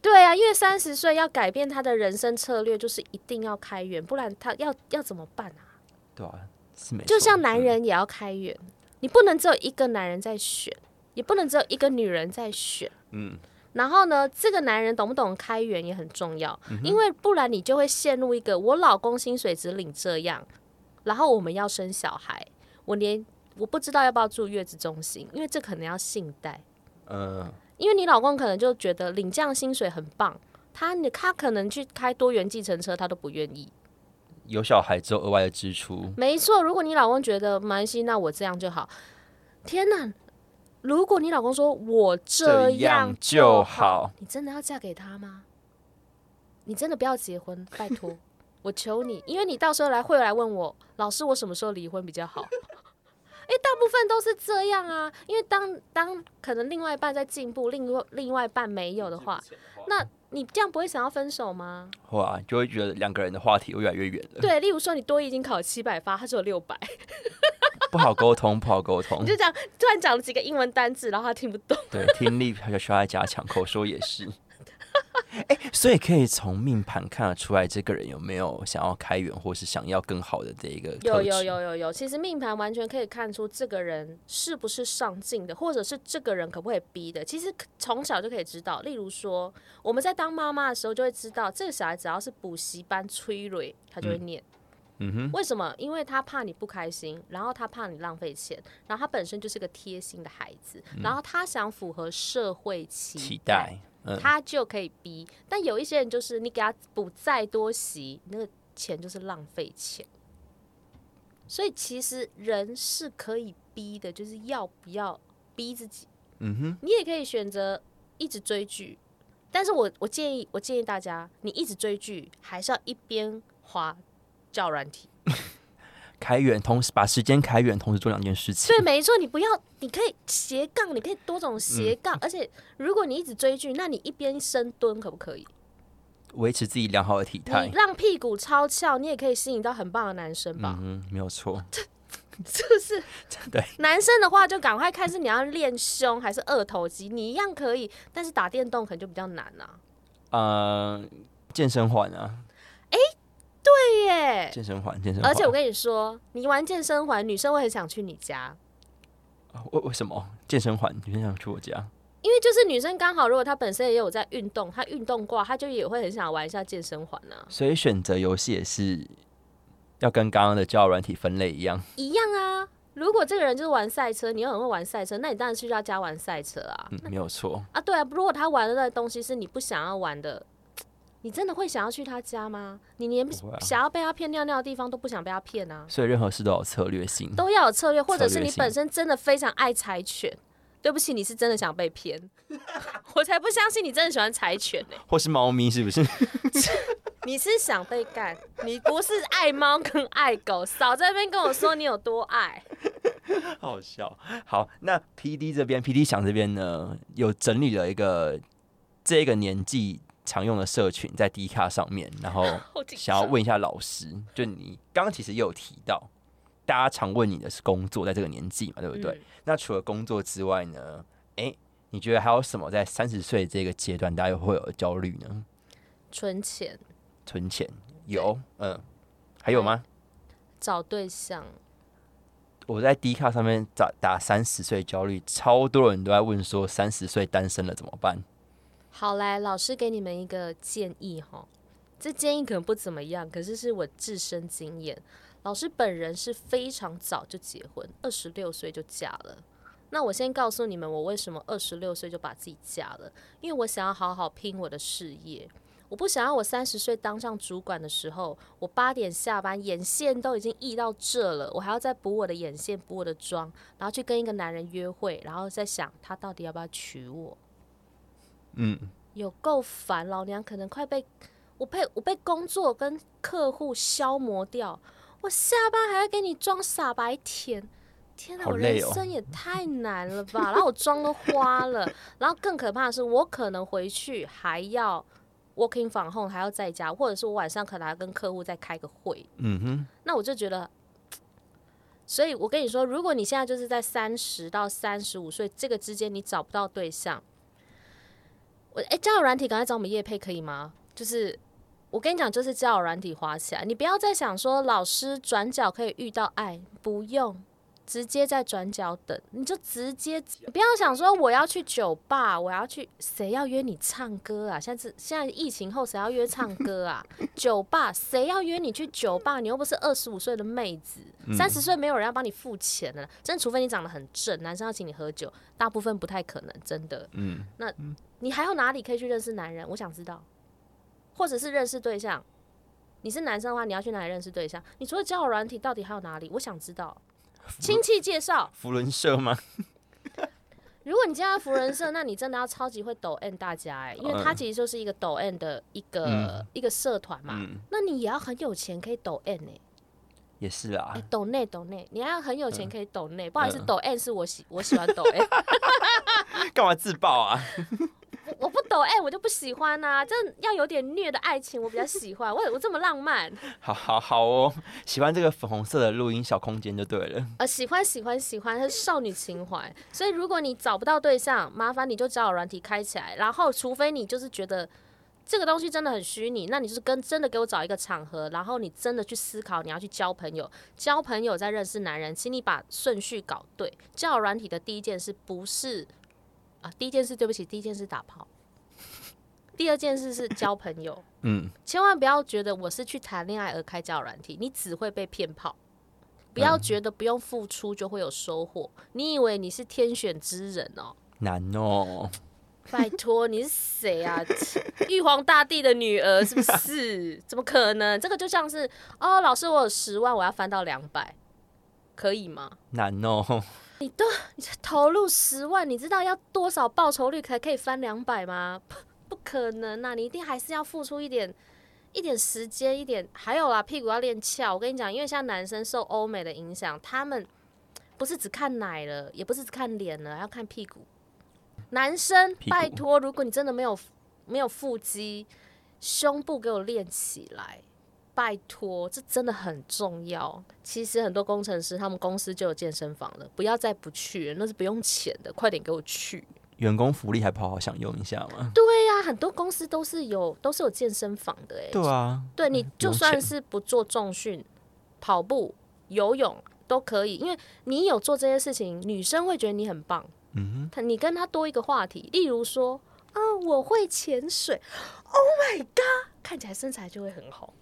對啊，因為三十歲要改變他的人生策略，就是一定要開源，不然他要要怎麼辦啊？對啊，是沒錯。就像男人也要開源，你不能只有一個男人在選，也不能只有一個女人在選。嗯。然後呢，這個男人懂不懂開源也很重要、嗯，因為不然你就會陷入一個我老公薪水只領這樣。然後我們要生小孩，我連我不知道要不要住月子中心，因為這可能要信貸。嗯、呃，因為你老公可能就覺得領這樣薪水很棒，他你他可能去開多元計程車，他都不願意。有小孩之後額外的支出。沒錯，如果你老公覺得沒關係，那我這樣就好。天吶，如果你老公說我這樣，這樣就好，你真的要嫁給他嗎？你真的不要結婚，拜託。 我求你，因為你到時候來會來問我，老師，我什麼時候離婚比較好？欸，大部分都是這樣啊。因為當當可能另外一半在進步，另外另外一半沒有的話，那你這樣不會想要分手嗎？哇，就會覺得兩個人的話題越來越遠了。對，例如說你多益已經考了七百八，他只有六百， 不好溝通，不好溝通。 你就這樣突然講了幾個英文單字，然後他聽不懂。對，聽力他就需要加強，口說也是。 哎，所以可以從命盤看得出來，這個人有沒有想要開源，或是想要更好的這一個？有有有有有，其實命盤完全可以看出這個人是不是上進的，或者是這個人可不可以逼的。其實從小就可以知道，例如說我們在當媽媽的時候就會知道，這個小孩只要是補習班催蕊，他就會念嗯。嗯哼。為什麼？因為他怕你不開心，然後他怕你浪費錢，然後他本身就是個貼心的孩子，然後他想符合社會期待、嗯、期待。他就可以逼，但有一些人就是你給他補再多習，那個錢就是浪費錢。所以其實人是可以逼的，就是要不要逼自己。嗯哼，你也可以選擇一直追劇，但是我我建議我建議大家，你一直追劇還是要一邊滑教軟體。 開源，同時把時間開源，同時做兩件事情。對，沒錯，你不要，你可以斜槓，你可以多種斜槓，嗯。而且如果你一直追劇，那你一邊深蹲可不可以維持自己良好的體態？你讓屁股超翹，你也可以吸引到很棒的男生吧。嗯，沒有錯，這這是，是對男生的話就趕快看是你要練胸還是二頭肌，你一樣可以，但是打電動可能就比較難了，啊。嗯，健身環啊。對耶，健身環，健身環。而且我跟你說，你玩健身環，女生會很想去你家。為為什麼健身環女生想去我家？因為就是女生剛好，如果她本身也有在運動，她運動過，她就也會很想玩一下健身環啊。所以選擇遊戲也是要跟剛剛的交友軟體分類一樣，一樣啊。如果這個人就是玩賽車，你又很會玩賽車，那你當然去他家玩賽車啊。嗯、沒有錯啊，對啊。如果他玩的那東西是你不想要玩的。你真的會想要去他家嗎？你連想要被他騙尿尿的地方都不想被他騙啊！所以任何事都有策略性，都要有策略，或者是你本身真的非常愛柴犬。對不起，你是真的想被騙，我才不相信你真的喜歡柴犬呢、欸。或是貓咪是不是？ 你是想被幹，你不是愛貓跟愛狗，少在那邊跟我說你有多愛。好笑。好，那 PD 這邊，PD 想這邊呢，有整理了一個這個年紀。常用的社群，在 D 卡上面，然後想要問一下老師，就你剛剛其實也有提到，大家常問你的是工作，在這個年紀嘛，對不對，嗯？那除了工作之外呢？哎、欸，你覺得還有什麼在三十歲這個階段，大家又會有焦慮呢？存錢，存錢有，嗯，還有嗎？找對象，我在 D 卡上面找打三十歲焦慮，超多人都在問說，三十歲單身了怎麼辦？好嘞，老師給你們一個建議哈，這建議可能不怎麼樣，可是是我自身經驗。老師本人是非常早就結婚，二十六歲就嫁了。那我先告訴你們，我為什麼二十六歲就把自己嫁了？因為我想要好好拼我的事業，我不想要我三十歲當上主管的時候，我八點下班，眼線都已經溢到這了，我還要再補我的眼線，補我的妝，然後去跟一個男人約會，然後再想他到底要不要娶我。嗯，有夠煩，老娘可能快被我被我被工作跟客戶消磨掉，我下班還要給你裝傻白甜，天哪，我人生也太難了吧！哦、然後我妝都花了， 然後更可怕的是，我可能回去還要 working from home，還要在家，或者是我晚上可能還要跟客戶再開個會。嗯哼，那我就覺得，所以我跟你說，如果你現在就是在三十到三十五歲這個之間，你找不到對象。欸、我哎，交友軟體趕快找我們業配可以嗎？就是我跟你講，就是交友軟體滑起來，你不要再想說老師，轉角可以遇到愛，不用。直接在轉角等，你就直接不要想說我要去酒吧，我要去，誰要約你唱歌啊？現在現在疫情後誰要約唱歌啊？ 酒吧，誰要約你去酒吧？你又不是二十五歲的妹子，三十歲沒有人要幫你付錢的，真的，除非你長得很正，男生要請你喝酒，大部分不太可能，真的。嗯，那你還有哪裡可以去認識男人？我想知道，或者是認識對象，你是男生的話，你要去哪裡認識對象？你除了交友軟體，到底還有哪裡？我想知道。親戚介紹扶輪社嗎？ 如果你加入扶輪社，那你真的要超級會抖 M 大家哎、欸，因為他其實就是一個抖 M 的一個、嗯、一個社團嘛、嗯。那你也要很有錢可以抖 M、欸、也是啊、欸，抖內抖內，你要很有錢可以抖內、嗯，不好意思，嗯、抖 M 是我喜我喜歡抖 M，幹 嘛自爆啊？ 我不懂哎、欸，我就不喜歡吶、啊，這要有點虐的愛情，我比較喜歡。我我這麼浪漫， 好好好哦，喜歡這個粉紅色的錄音小空間就對了。呃，喜歡喜歡喜歡，是少女情懷。所以如果你找不到對象，麻煩你就交友軟體開起來。然後除非你就是覺得這個東西真的很虛擬，那你就是跟真的給我找一個場合。然後你真的去思考你要去交朋友，交朋友再認識男人，請你把順序搞對。交友軟體的第一件事不是。啊，第一件事對不起，第一件事打炮。第二件事是交朋友，嗯，千萬不要覺得我是去談戀愛而開交友軟體，你只會被騙炮。不要覺得不用付出就會有收穫，你以為你是天選之人哦？難哦！拜托你是誰啊？ 玉皇大帝的女兒是不是？ 怎麼可能？這個就像是哦，老師我有十萬，我要翻到兩百，可以嗎？難哦。你都你投入十萬，你知道要多少報酬率才可以翻兩百嗎？不，不可能啊！你一定還是要付出一點，一點時間，一點。還有啊，屁股要練翹。我跟你講，因為像男生受歐美的影響，他們不是只看奶了，也不是只看臉了，要看屁股。男生，拜托，如果你真的沒有沒有腹肌，胸部給我練起來。拜託，這真的很重要。其實很多工程師，他們公司就有健身房了，不要再不去，那是不用錢的。快點給我去！員工福利還不好好享用一下嗎？對呀，啊，很多公司都是有都是有健身房的哎，欸。對啊，對，你就算是不做重訓，跑步、游泳都可以，因為你有做這些事情，女生會覺得你很棒。嗯哼，你跟他多一個話題，例如說，啊，我會潛水。Oh my god，看起來身材就會很好。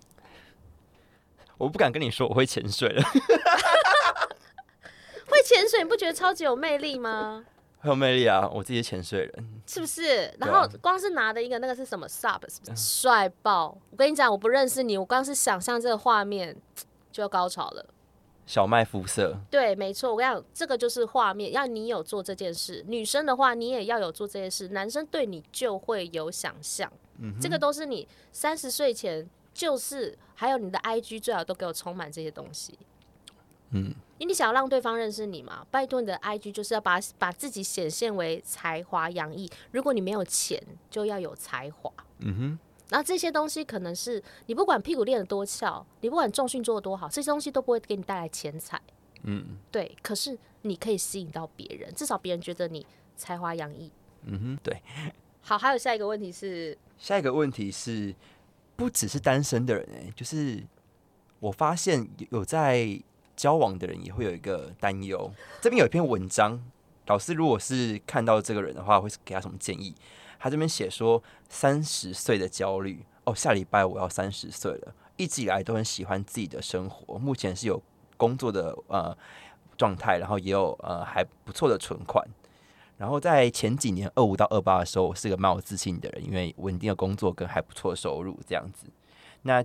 我不敢跟你說我會潛水的 會潛水，你不覺得超級有魅力嗎？很 有魅力啊！我自己潛水人，是不是、啊？然後光是拿的一個那個是什麼？Sub，是不是？帥爆，嗯！我跟你講，我不認識你，我光是想象這個畫面就要高潮了。小麥膚色，對，沒錯。我跟你講，這個就是畫面，要你有做這件事，女生的話你也要有做這件事，男生對你就會有想象。嗯，這個都是你三十歲前。就是還有你的 IG 最好都給我充滿這些東西，嗯，因為你想要讓對方認識你嘛，拜托你的 IG 就是要把把自己顯現為才華洋溢。如果你沒有錢，就要有才華，嗯哼。然後這些東西可能是你不管屁股練得多翹，你不管重訓做得多好，這些東西都不會給你帶來錢財，嗯，對。可是你可以吸引到別人，至少別人覺得你才華洋溢，嗯哼，對。好，還有下一個問題是，下一個問題是。不只是單身的人欸，就是我發現有在交往的人也會有一個擔憂。這邊有一篇文章，老師如果是看到這個人的話，會給他什麼建議？他這邊寫說三十歲的焦慮哦，下禮拜我要三十歲了，一直以來都很喜歡自己的生活，目前是有工作的呃狀態，然後也有呃還不錯的存款。然後在前幾年二五到二八的時候，我是個蠻有自信的人，因為穩定的工作跟還不錯的收入這樣子。那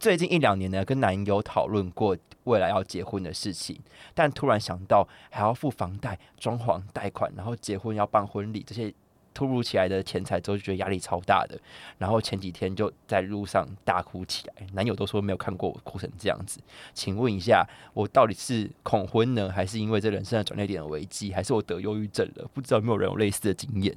最近一兩年呢，跟男友討論過未來要結婚的事情，但突然想到還要付房貸、裝潢貸款，然後結婚要辦婚禮，這些。突如其來的錢財之後就覺得壓力超大的，然後前幾天就在路上大哭起來，男友都說沒有看過我哭成這樣子。請問一下，我到底是恐婚呢，還是因為這人生的轉折點的危機，還是我得憂鬱症了？不知道有沒有人有類似的經驗？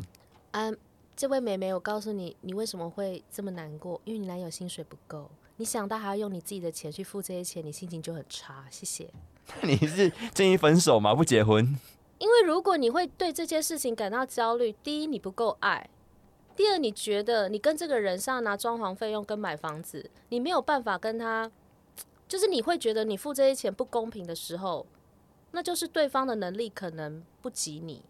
嗯，這位美眉，我告訴你，你為什麼會這麼難過？因為你男友薪水不夠，你想到還要用你自己的錢去付這些錢，你心情就很差。謝謝。那 你是建議分手嗎？不結婚？因為如果你會對這件事情感到焦慮，第一你不夠愛，第二你覺得你跟這個人是要拿裝潢費用跟買房子，你沒有辦法跟他，就是你會覺得你付這些錢不公平的時候，那就是對方的能力可能不及你。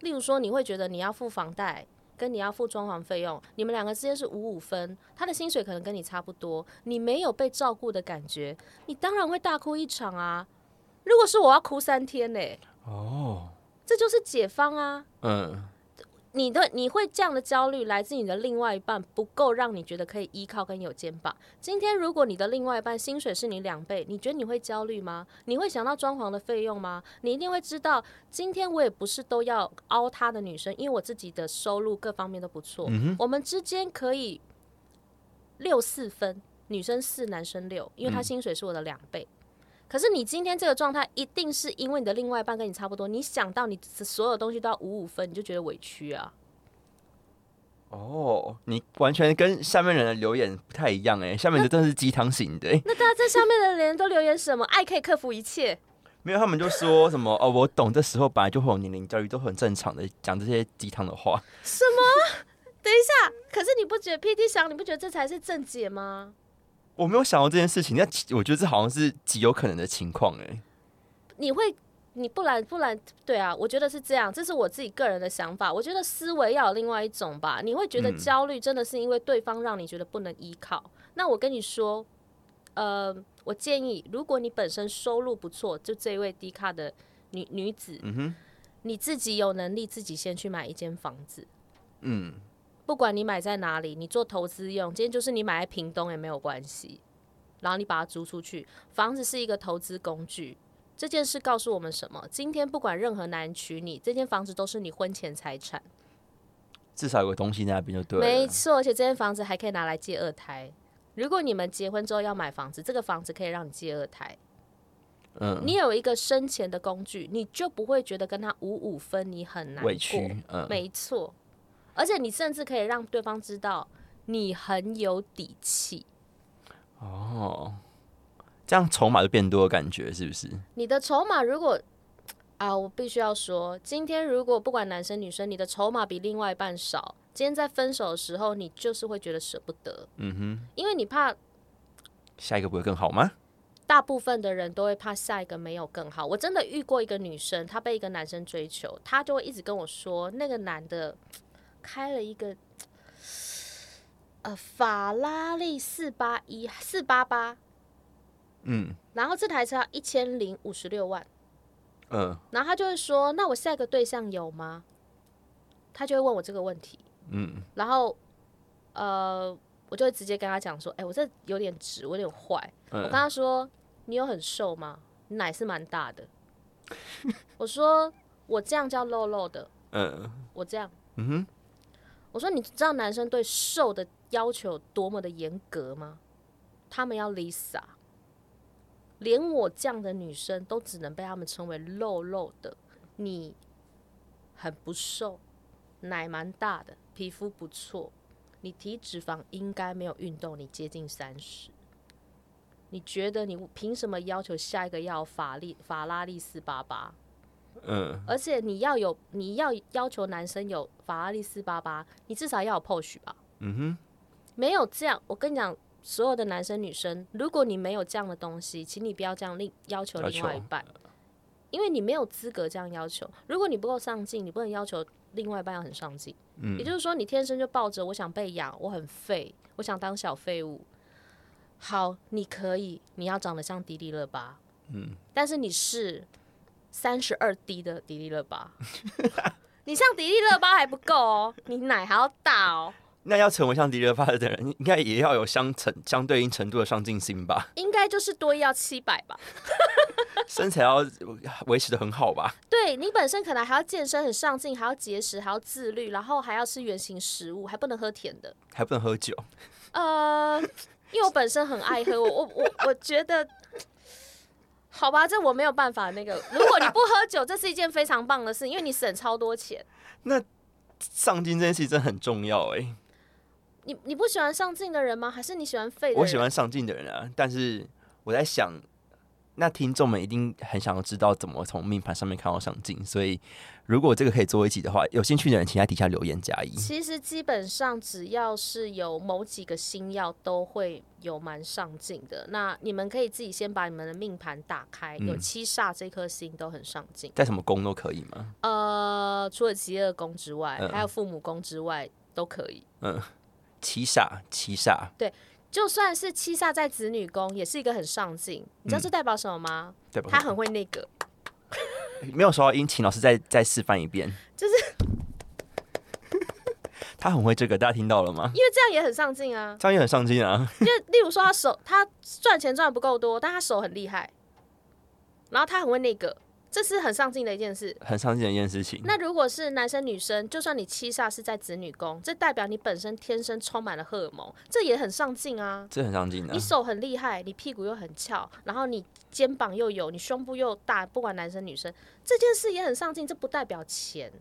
例如說你會覺得你要付房貸跟你要付裝潢費用，你們兩個之間是五五分，他的薪水可能跟你差不多，你沒有被照顧的感覺，你當然會大哭一場啊！如果是我要哭三天呢、欸？哦，這就是解方啊！嗯、呃，你的你會這樣的焦慮來自你的另外一半不夠讓你覺得可以依靠跟有肩膀。今天如果你的另外一半薪水是你兩倍，你覺得你會焦慮嗎？你會想到裝潢的費用嗎？你一定會知道，今天我也不是都要凹他的女生，因為我自己的收入各方面都不錯。嗯、我們之間可以六四分，女生四，男生六，因為他薪水是我的兩倍。嗯可是你今天這個狀態一定是因為你的另外一半跟你差不多，你想到你所有東西都要五五分，你就覺得委屈啊。哦，你完全跟下面人的留言不太一樣哎、欸，下面真的都是雞湯型的那。那大家在下面的人都留言什麼？ 愛可以克服一切。沒有，他們就說什麼哦，我懂，這時候本來就會有年齡焦慮，都很正常的講這些雞湯的話。什麼？等一下，可是你不覺得 P T 想，你不覺得這才是正解嗎？我沒有想到這件事情，那我覺得這好像是極有可能的情況哎、欸。你會，你不然不然，對啊，我覺得是這樣，這是我自己個人的想法。我覺得思維要有另外一種吧，你會覺得焦慮真的是因為對方讓你覺得不能依靠、嗯。那我跟你說，呃，我建議如果你本身收入不錯，就這一位 D 卡的女女子、嗯，你自己有能力自己先去買一間房子，嗯。不管你買在哪裡，你做投資用，今天就是你買在屏東也沒有關係。然後你把它租出去，房子是一個投資工具。這件事告訴我們什麼？今天不管任何男人娶你，這間房子都是你婚前財產。至少有個東西在那邊就對了。沒錯，而且這間房子還可以拿來借二胎。如果你們結婚之後要買房子，這個房子可以讓你借二胎。嗯，你有一個生錢的工具，你就不會覺得跟他五五分，你很難過。委屈，嗯，沒錯。而且你甚至可以讓對方知道你很有底氣，哦，這樣籌碼就變多的感覺是不是？你的籌碼如果啊，我必須要說，今天如果不管男生女生，你的籌碼比另外一半少，今天在分手的時候，你就是會覺得捨不得。嗯哼，因為你怕下一個不會更好嗎？大部分的人都會怕下一個沒有更好。我真的遇過一個女生，她被一個男生追求，她就會一直跟我說，那個男的。開了一個呃法拉利四八一四八八，嗯，然後這台車一千零五十六萬，嗯、呃，然後他就會說，那我下一個對象有嗎？他就會問我這個問題，嗯，然後呃，我就會直接跟他講說，哎、欸，我這有點直，我有點壞、呃，我跟他說，你有很瘦嗎？你奶是蠻大的， 我說我這樣叫肉肉的，嗯、呃，我這樣，嗯哼。我說，你知道男生對瘦的要求有多麼的嚴格嗎？他們要 Lisa，連我這樣的女生都只能被他們稱為肉肉的。你很不瘦，奶蠻大的，皮膚不錯，你體脂肪應該沒有運動，你接近三十。你覺得你憑什麼要求下一個要法力法拉利四八八？嗯，而且你要有，你要要求男生有法拉利四八八，你至少要有 Porsche 吧。嗯哼，沒有這樣，我跟你講，所有的男生女生，如果你沒有這樣的東西，請你不要這樣另要求另外一半，因為你沒有資格這樣要求。如果你不夠上進，你不能要求另外一半要很上進。嗯，也就是說，你天生就抱着我想被養，我很廢，我想當小廢物。好，你可以，你要長得像迪麗熱巴。嗯，但是你是。三十二 D 的迪麗熱巴， 你像迪麗熱巴還不夠哦，你奶還要大哦。那要成為像迪麗熱巴的人，你應該也要有相成相對應程度的上進心吧？應該就是多要七百吧。 身材要維持得很好吧？ 對，你本身可能還要健身，很上進，還要節食，還要自律，然後還要吃原型食物，還不能喝甜的，還不能喝酒。呃，因為我本身很愛喝，我我我我覺得。好吧，這我沒有辦法。那個，如果你不喝酒， 這是一件非常棒的事，因為你省超多錢。那上進這件事真的很重要哎、欸。你你不喜歡上進的人嗎？還是你喜歡廢的人？我喜歡上進的人啊，但是我在想。那聽眾們一定很想要知道怎麼從命盤上面看到上進，所以如果這個可以做一集的話，有興趣的人請在底下留言加一。其實基本上只要是有某幾個星曜都會有蠻上進的。那你們可以自己先把你們的命盤打開，有七煞這顆星都很上進。帶、嗯、什麼宮都可以嗎？呃，除了疾厄宮之外，還有父母宮之外、嗯、都可以。嗯，七煞，七煞，對。就算是七煞在子女宮，也是一個很上進。你知道這代表什麼嗎？嗯、對吧？他很會那個。欸、沒有說到殷勤，老師再再示範一遍。就是 他很會這個，大家聽到了嗎？因為這樣也很上進啊。這樣也很上進啊。因為例如說他手他賺錢賺的不夠多，但他手很厲害，然後他很會那個。這是很上進的一件事，很上進的一件事情。那如果是男生女生，就算你七煞是在子女宮，這代表你本身天生充滿了荷爾蒙，這也很上進啊，這很上進的啊。你手很厲害，你屁股又很翹，然後你肩膀又有，你胸部又大，不管男生女生，這件事也很上進，這不代表錢。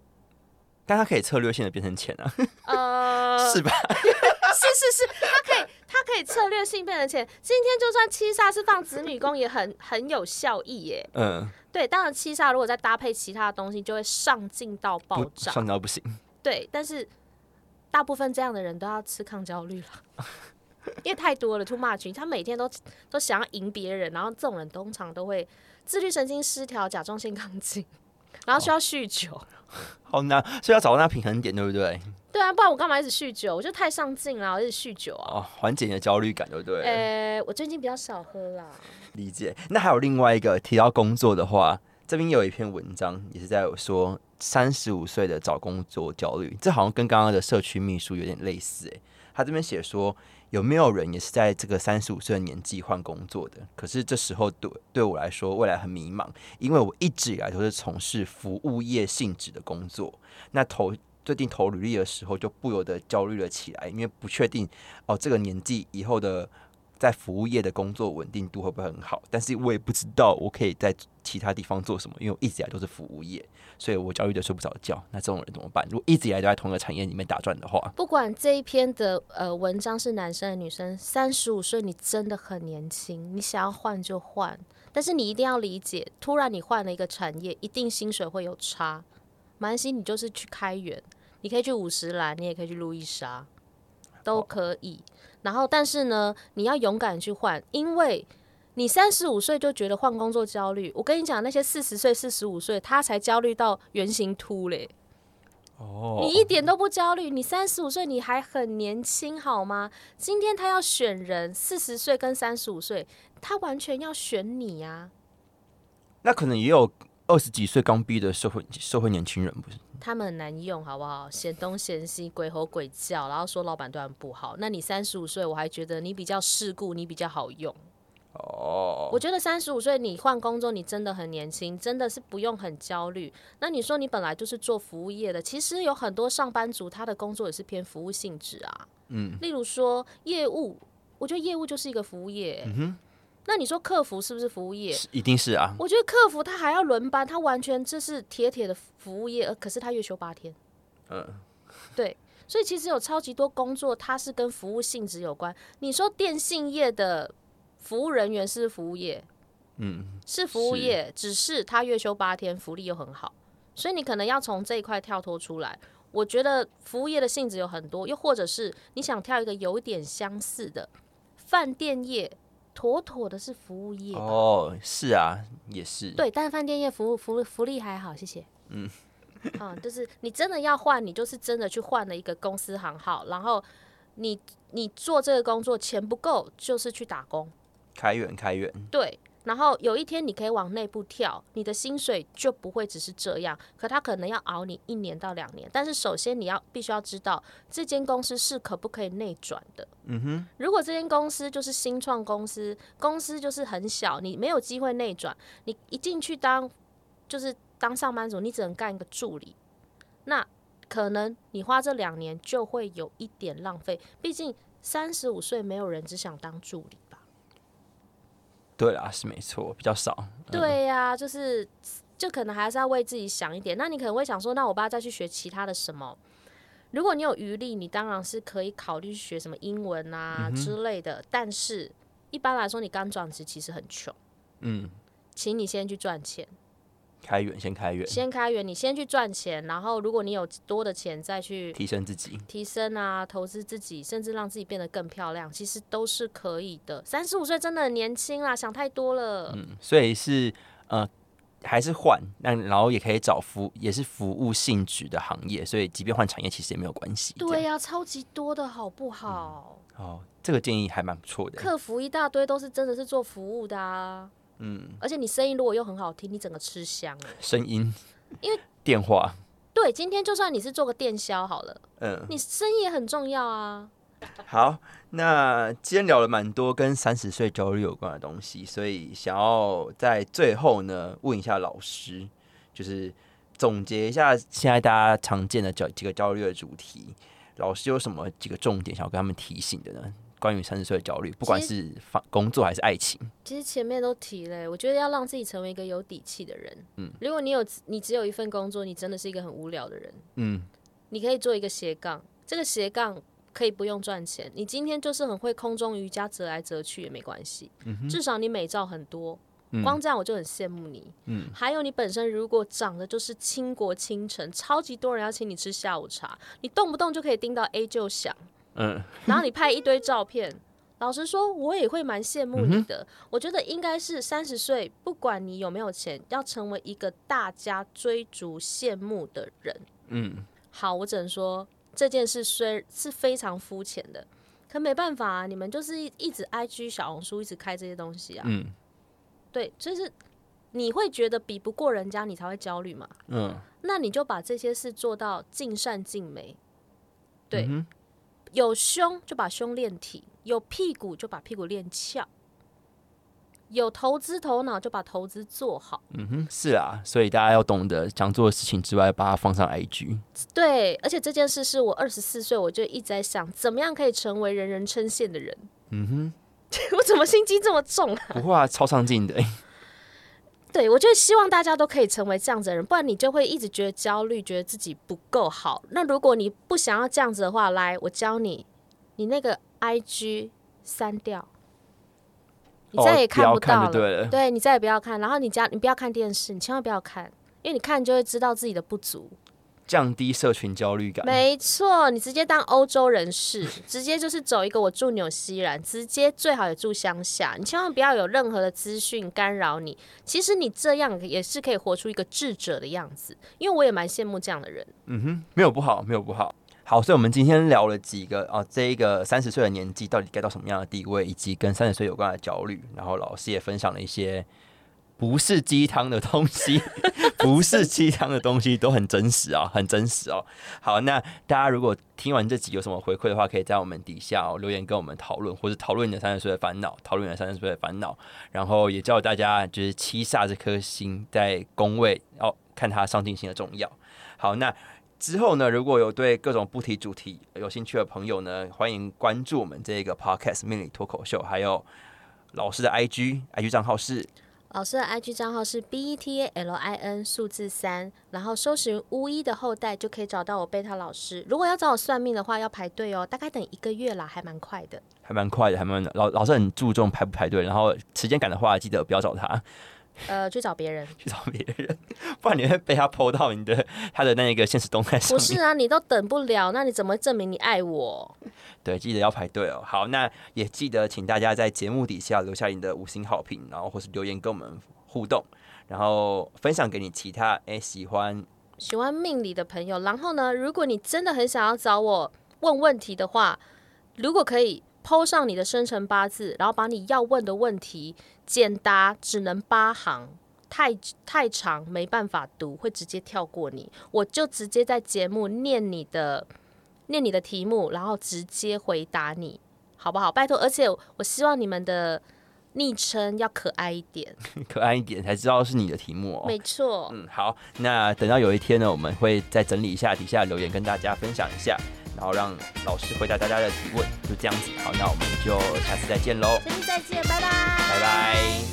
但他可以策略性的變成錢啊，呃，是吧？ 是是是，他可以，他可以策略性變成錢。今天就算七煞是放子女宮，也很很有效益耶。嗯、呃，對，當然七煞如果再搭配其他的東西，就會上進到爆炸，上到不行。對，但是大部分這樣的人都要吃抗焦慮了， 因為太多了 too much，他每天都都想要贏別人，然後這種人通常都會自律神經失調、甲狀腺亢進。然後需要酗酒，好、哦、難、哦，所以要找到那平衡點，對不對？對啊，不然我幹嘛一直酗酒？我就太上進了，我一直酗酒啊，哦，緩解你的焦慮感對不對了。誒，我最近比較少喝啦，理解。那還有另外一個提到工作的話，這邊有一篇文章也是在有說三十五歲的找工作焦慮，這好像跟剛剛的社區秘書有點類似誒、欸。他這邊寫說。有沒有人也是在這個三十五歲的年紀換工作的？可是這時候對對我來說未來很迷茫，因為我一直以來都是從事服務業性質的工作。那投最近投履歷的時候就不由得焦慮了起來，因為不確定哦，這個年紀以後的。在服務業的工作穩定度會不會很好？但是我也不知道我可以在其他地方做什麼，因為我一直以來都是服務業，所以我焦慮的睡不着覺。那這種人怎麼辦？如果一直以來都在同一個產業裡面打轉的話，不管這一篇的呃文章是男生還是女生，三十五歲你真的很年輕，你想要換就換，但是你一定要理解，突然你換了一個產業，一定薪水會有差。馬來你就是去開源，你可以去五十嵐，你也可以去路易莎，都可以。然後，但是呢，你要勇敢去換，因為你三十五歲就覺得換工作焦慮。我跟你講，那些四十歲、四十五歲，他才焦慮到圓形禿嘞。哦，你一點都不焦慮，你三十五歲你還很年輕，好嗎？今天他要選人，四十歲跟三十五歲，他完全要選你呀、啊。那可能也有。二十幾歲剛畢業的社會社會年輕人不是，他們很難用，好不好？嫌東嫌西，鬼吼鬼叫，然後說老板都很不好。那你三十五歲，我還覺得你比較世故，你比較好用。哦，我覺得三十五歲你換工作，你真的很年輕，真的是不用很焦慮。那你說你本來就是做服務業的，其實有很多上班族他的工作也是偏服務性質啊。嗯，例如說業務，我覺得業務就是一個服務業。嗯哼那你說客服是不是服務業？是，一定是啊。我覺得客服他還要輪班，他完全這是鐵鐵的服務業，可是他月休八天。嗯、呃，對，所以其實有超級多工作，它是跟服務性質有關。你說電信業的服務人員是，是服務業，嗯，是服務業，是只是他月休八天，福利又很好，所以你可能要從這一塊跳脫出來。我覺得服務業的性質有很多，又或者是你想跳一個有點相似的飯店業。妥妥的是服務業哦，是啊，也是對，但是飯店業服務福福利還好，謝謝。嗯，啊、 嗯，就是你真的要換，你就是真的去換了一個公司行號，然後你你做這個工作錢不夠，就是去打工，開源開源，對。然後有一天你可以往內部跳，你的薪水就不會只是這樣。可他可能要熬你一年到兩年，但是首先你要必須要知道這間公司是可不可以內轉的。嗯哼，如果這間公司就是新創公司，公司就是很小，你沒有機會內轉，你一進去當就是當上班族，你只能幹一個助理，那可能你花這兩年就會有一點浪費。畢竟三十五歲，沒有人只想當助理。對啊，是沒錯，比較少。嗯、對呀、啊，就是，就可能還是要為自己想一點。那你可能會想說，那我爸再去學其他的什麼？如果你有餘力，你當然是可以考慮學什麼英文啊之類的。嗯、但是一般來說，你剛轉職其實很窮。嗯，請你先去賺錢。開源先開源，先開源，你先去賺錢，然後如果你有多的錢，再去提升自己，提升啊，投資自己，甚至讓自己變得更漂亮，其實都是可以的。三十五歲真的很年輕啦，想太多了。嗯，所以是呃，還是換那，然後也可以找服，也是服務性質的行業，所以即便換產業，其實也沒有關係。對呀、啊，超級多的好不好？嗯、哦，這個建議還蠻不錯的，客服一大堆都是真的是做服務的啊。嗯，而且你聲音如果又很好聽，你整個吃香。聲音，因為電話。對，今天就算你是做個電銷好了，嗯，你聲音也很重要啊。好，那今天聊了蠻多跟三十歲焦慮有關的東西，所以想要在最後呢，問一下老師，就是總結一下現在大家常見的焦幾個焦慮的主題，老師有什麼幾個重點想要跟他們提醒的呢？關於三十歲的焦慮，不管是工作還是愛情，其實前面都提了欸，我覺得要讓自己成為一個有底氣的人。嗯，如果你有你只有一份工作，你真的是一個很無聊的人。嗯，你可以做一個斜槓，這個斜槓可以不用賺錢。你今天就是很會空中瑜伽折來折去也沒關係。嗯，至少你美照很多，光這樣我就很羨慕你。嗯，還有你本身如果長得就是傾國傾城，超級多人要請你吃下午茶，你動不動就可以訂到 A 就響。嗯，然後你拍一堆照片， 老實說，我也會蠻羨慕你的。嗯、我覺得應該是三十歲，不管你有沒有錢，要成為一個大家追逐羨慕的人。嗯，好，我只能說這件事雖是非常膚淺的，可沒辦法啊，你們就是一一直 IG 小紅書一直開這些東西啊。嗯，對，就是你會覺得比不過人家，你才會焦慮嘛。嗯，那你就把這些事做到盡善盡美。對。嗯有胸就把胸練挺，有屁股就把屁股練翹，有投資頭腦就把投資做好。嗯哼，是啊，所以大家要懂得想做的事情之外，把它放上 IG。對，而且這件事是我二十四歲，我就一直在想，怎麼樣可以成為人人稱羨的人。嗯哼， 我怎麼心機這麼重啊？ 不會啊，超上進的。對，我就希望大家都可以成為這樣子的人，不然你就會一直覺得焦慮，覺得自己不夠好。那如果你不想要這樣子的話，來，我教你，你那個 IG 刪掉，哦，你再也看不到了，不看對了，對，你再也不要看。然後你家，你不要看電視，你千萬不要看，因為你看就會知道自己的不足。降低社群焦慮感，沒錯，你直接當歐洲人士， 直接就是走一個我住紐西蘭，直接最好也住鄉下，你千萬不要有任何的資訊干擾你。其實你這樣也是可以活出一個智者的樣子，因為我也蠻羨慕這樣的人。嗯哼，沒有不好，沒有不好。好，所以我們今天聊了幾個啊，這一個三十歲的年紀到底該到什麼樣的地位，以及跟三十歲有關的焦慮。然後老師也分享了一些。不是雞湯的東西， 不是雞湯的東西都很真實啊、哦，很真實哦。好，那大家如果聽完這集有什麼回饋的話，可以在我們底下、哦、留言跟我們討論，或者討論你的三十歲的煩惱，討論你的三十歲的煩惱。然後也叫大家就是七煞這顆星在宮位，哦，看他上進心的重要。好，那之後呢，如果有對各種不提主題有興趣的朋友呢，歡迎關注我們這個 podcast 命理脫口秀，還有老師的 IG，IG 賬號是。老師的 IG 賬號是 B E T A L I N 數字三，然後搜尋巫醫的後代就可以找到我貝塔老師。如果要找我算命的話，要排隊哦，大概等一個月啦，還蠻快的。還蠻快的，還蠻老老師很注重排不排隊，然後時間趕的話，記得不要找他。呃，去找別人，去找別人，不然你會被他 po 到你的他的那個限時動態上。不是啊，你都等不了，那你怎麼證明你愛我？對，記得要排隊哦。好，那也記得請大家在節目底下留下你的五星好評，然後或是留言跟我們互動，然後分享給你其他哎、欸、喜歡喜歡命理的朋友。然後呢，如果你真的很想要找我問問題的話，如果可以。PO 上你的生辰八字，然後把你要問的問題簡答，只能八行，太太長沒辦法讀，會直接跳過你。我就直接在節目念你的，念你的題目，然後直接回答你，好不好？拜托，而且我希望你們的。昵稱要可愛一點呵呵，可愛一點才知道是你的題目喔。沒錯，嗯，好，那等到有一天呢，我們會再整理一下底下留言，跟大家分享一下，然後讓老師回答大家的提問，就這樣子。好，那我們就下次再見嘍。下次再見，拜拜。拜拜。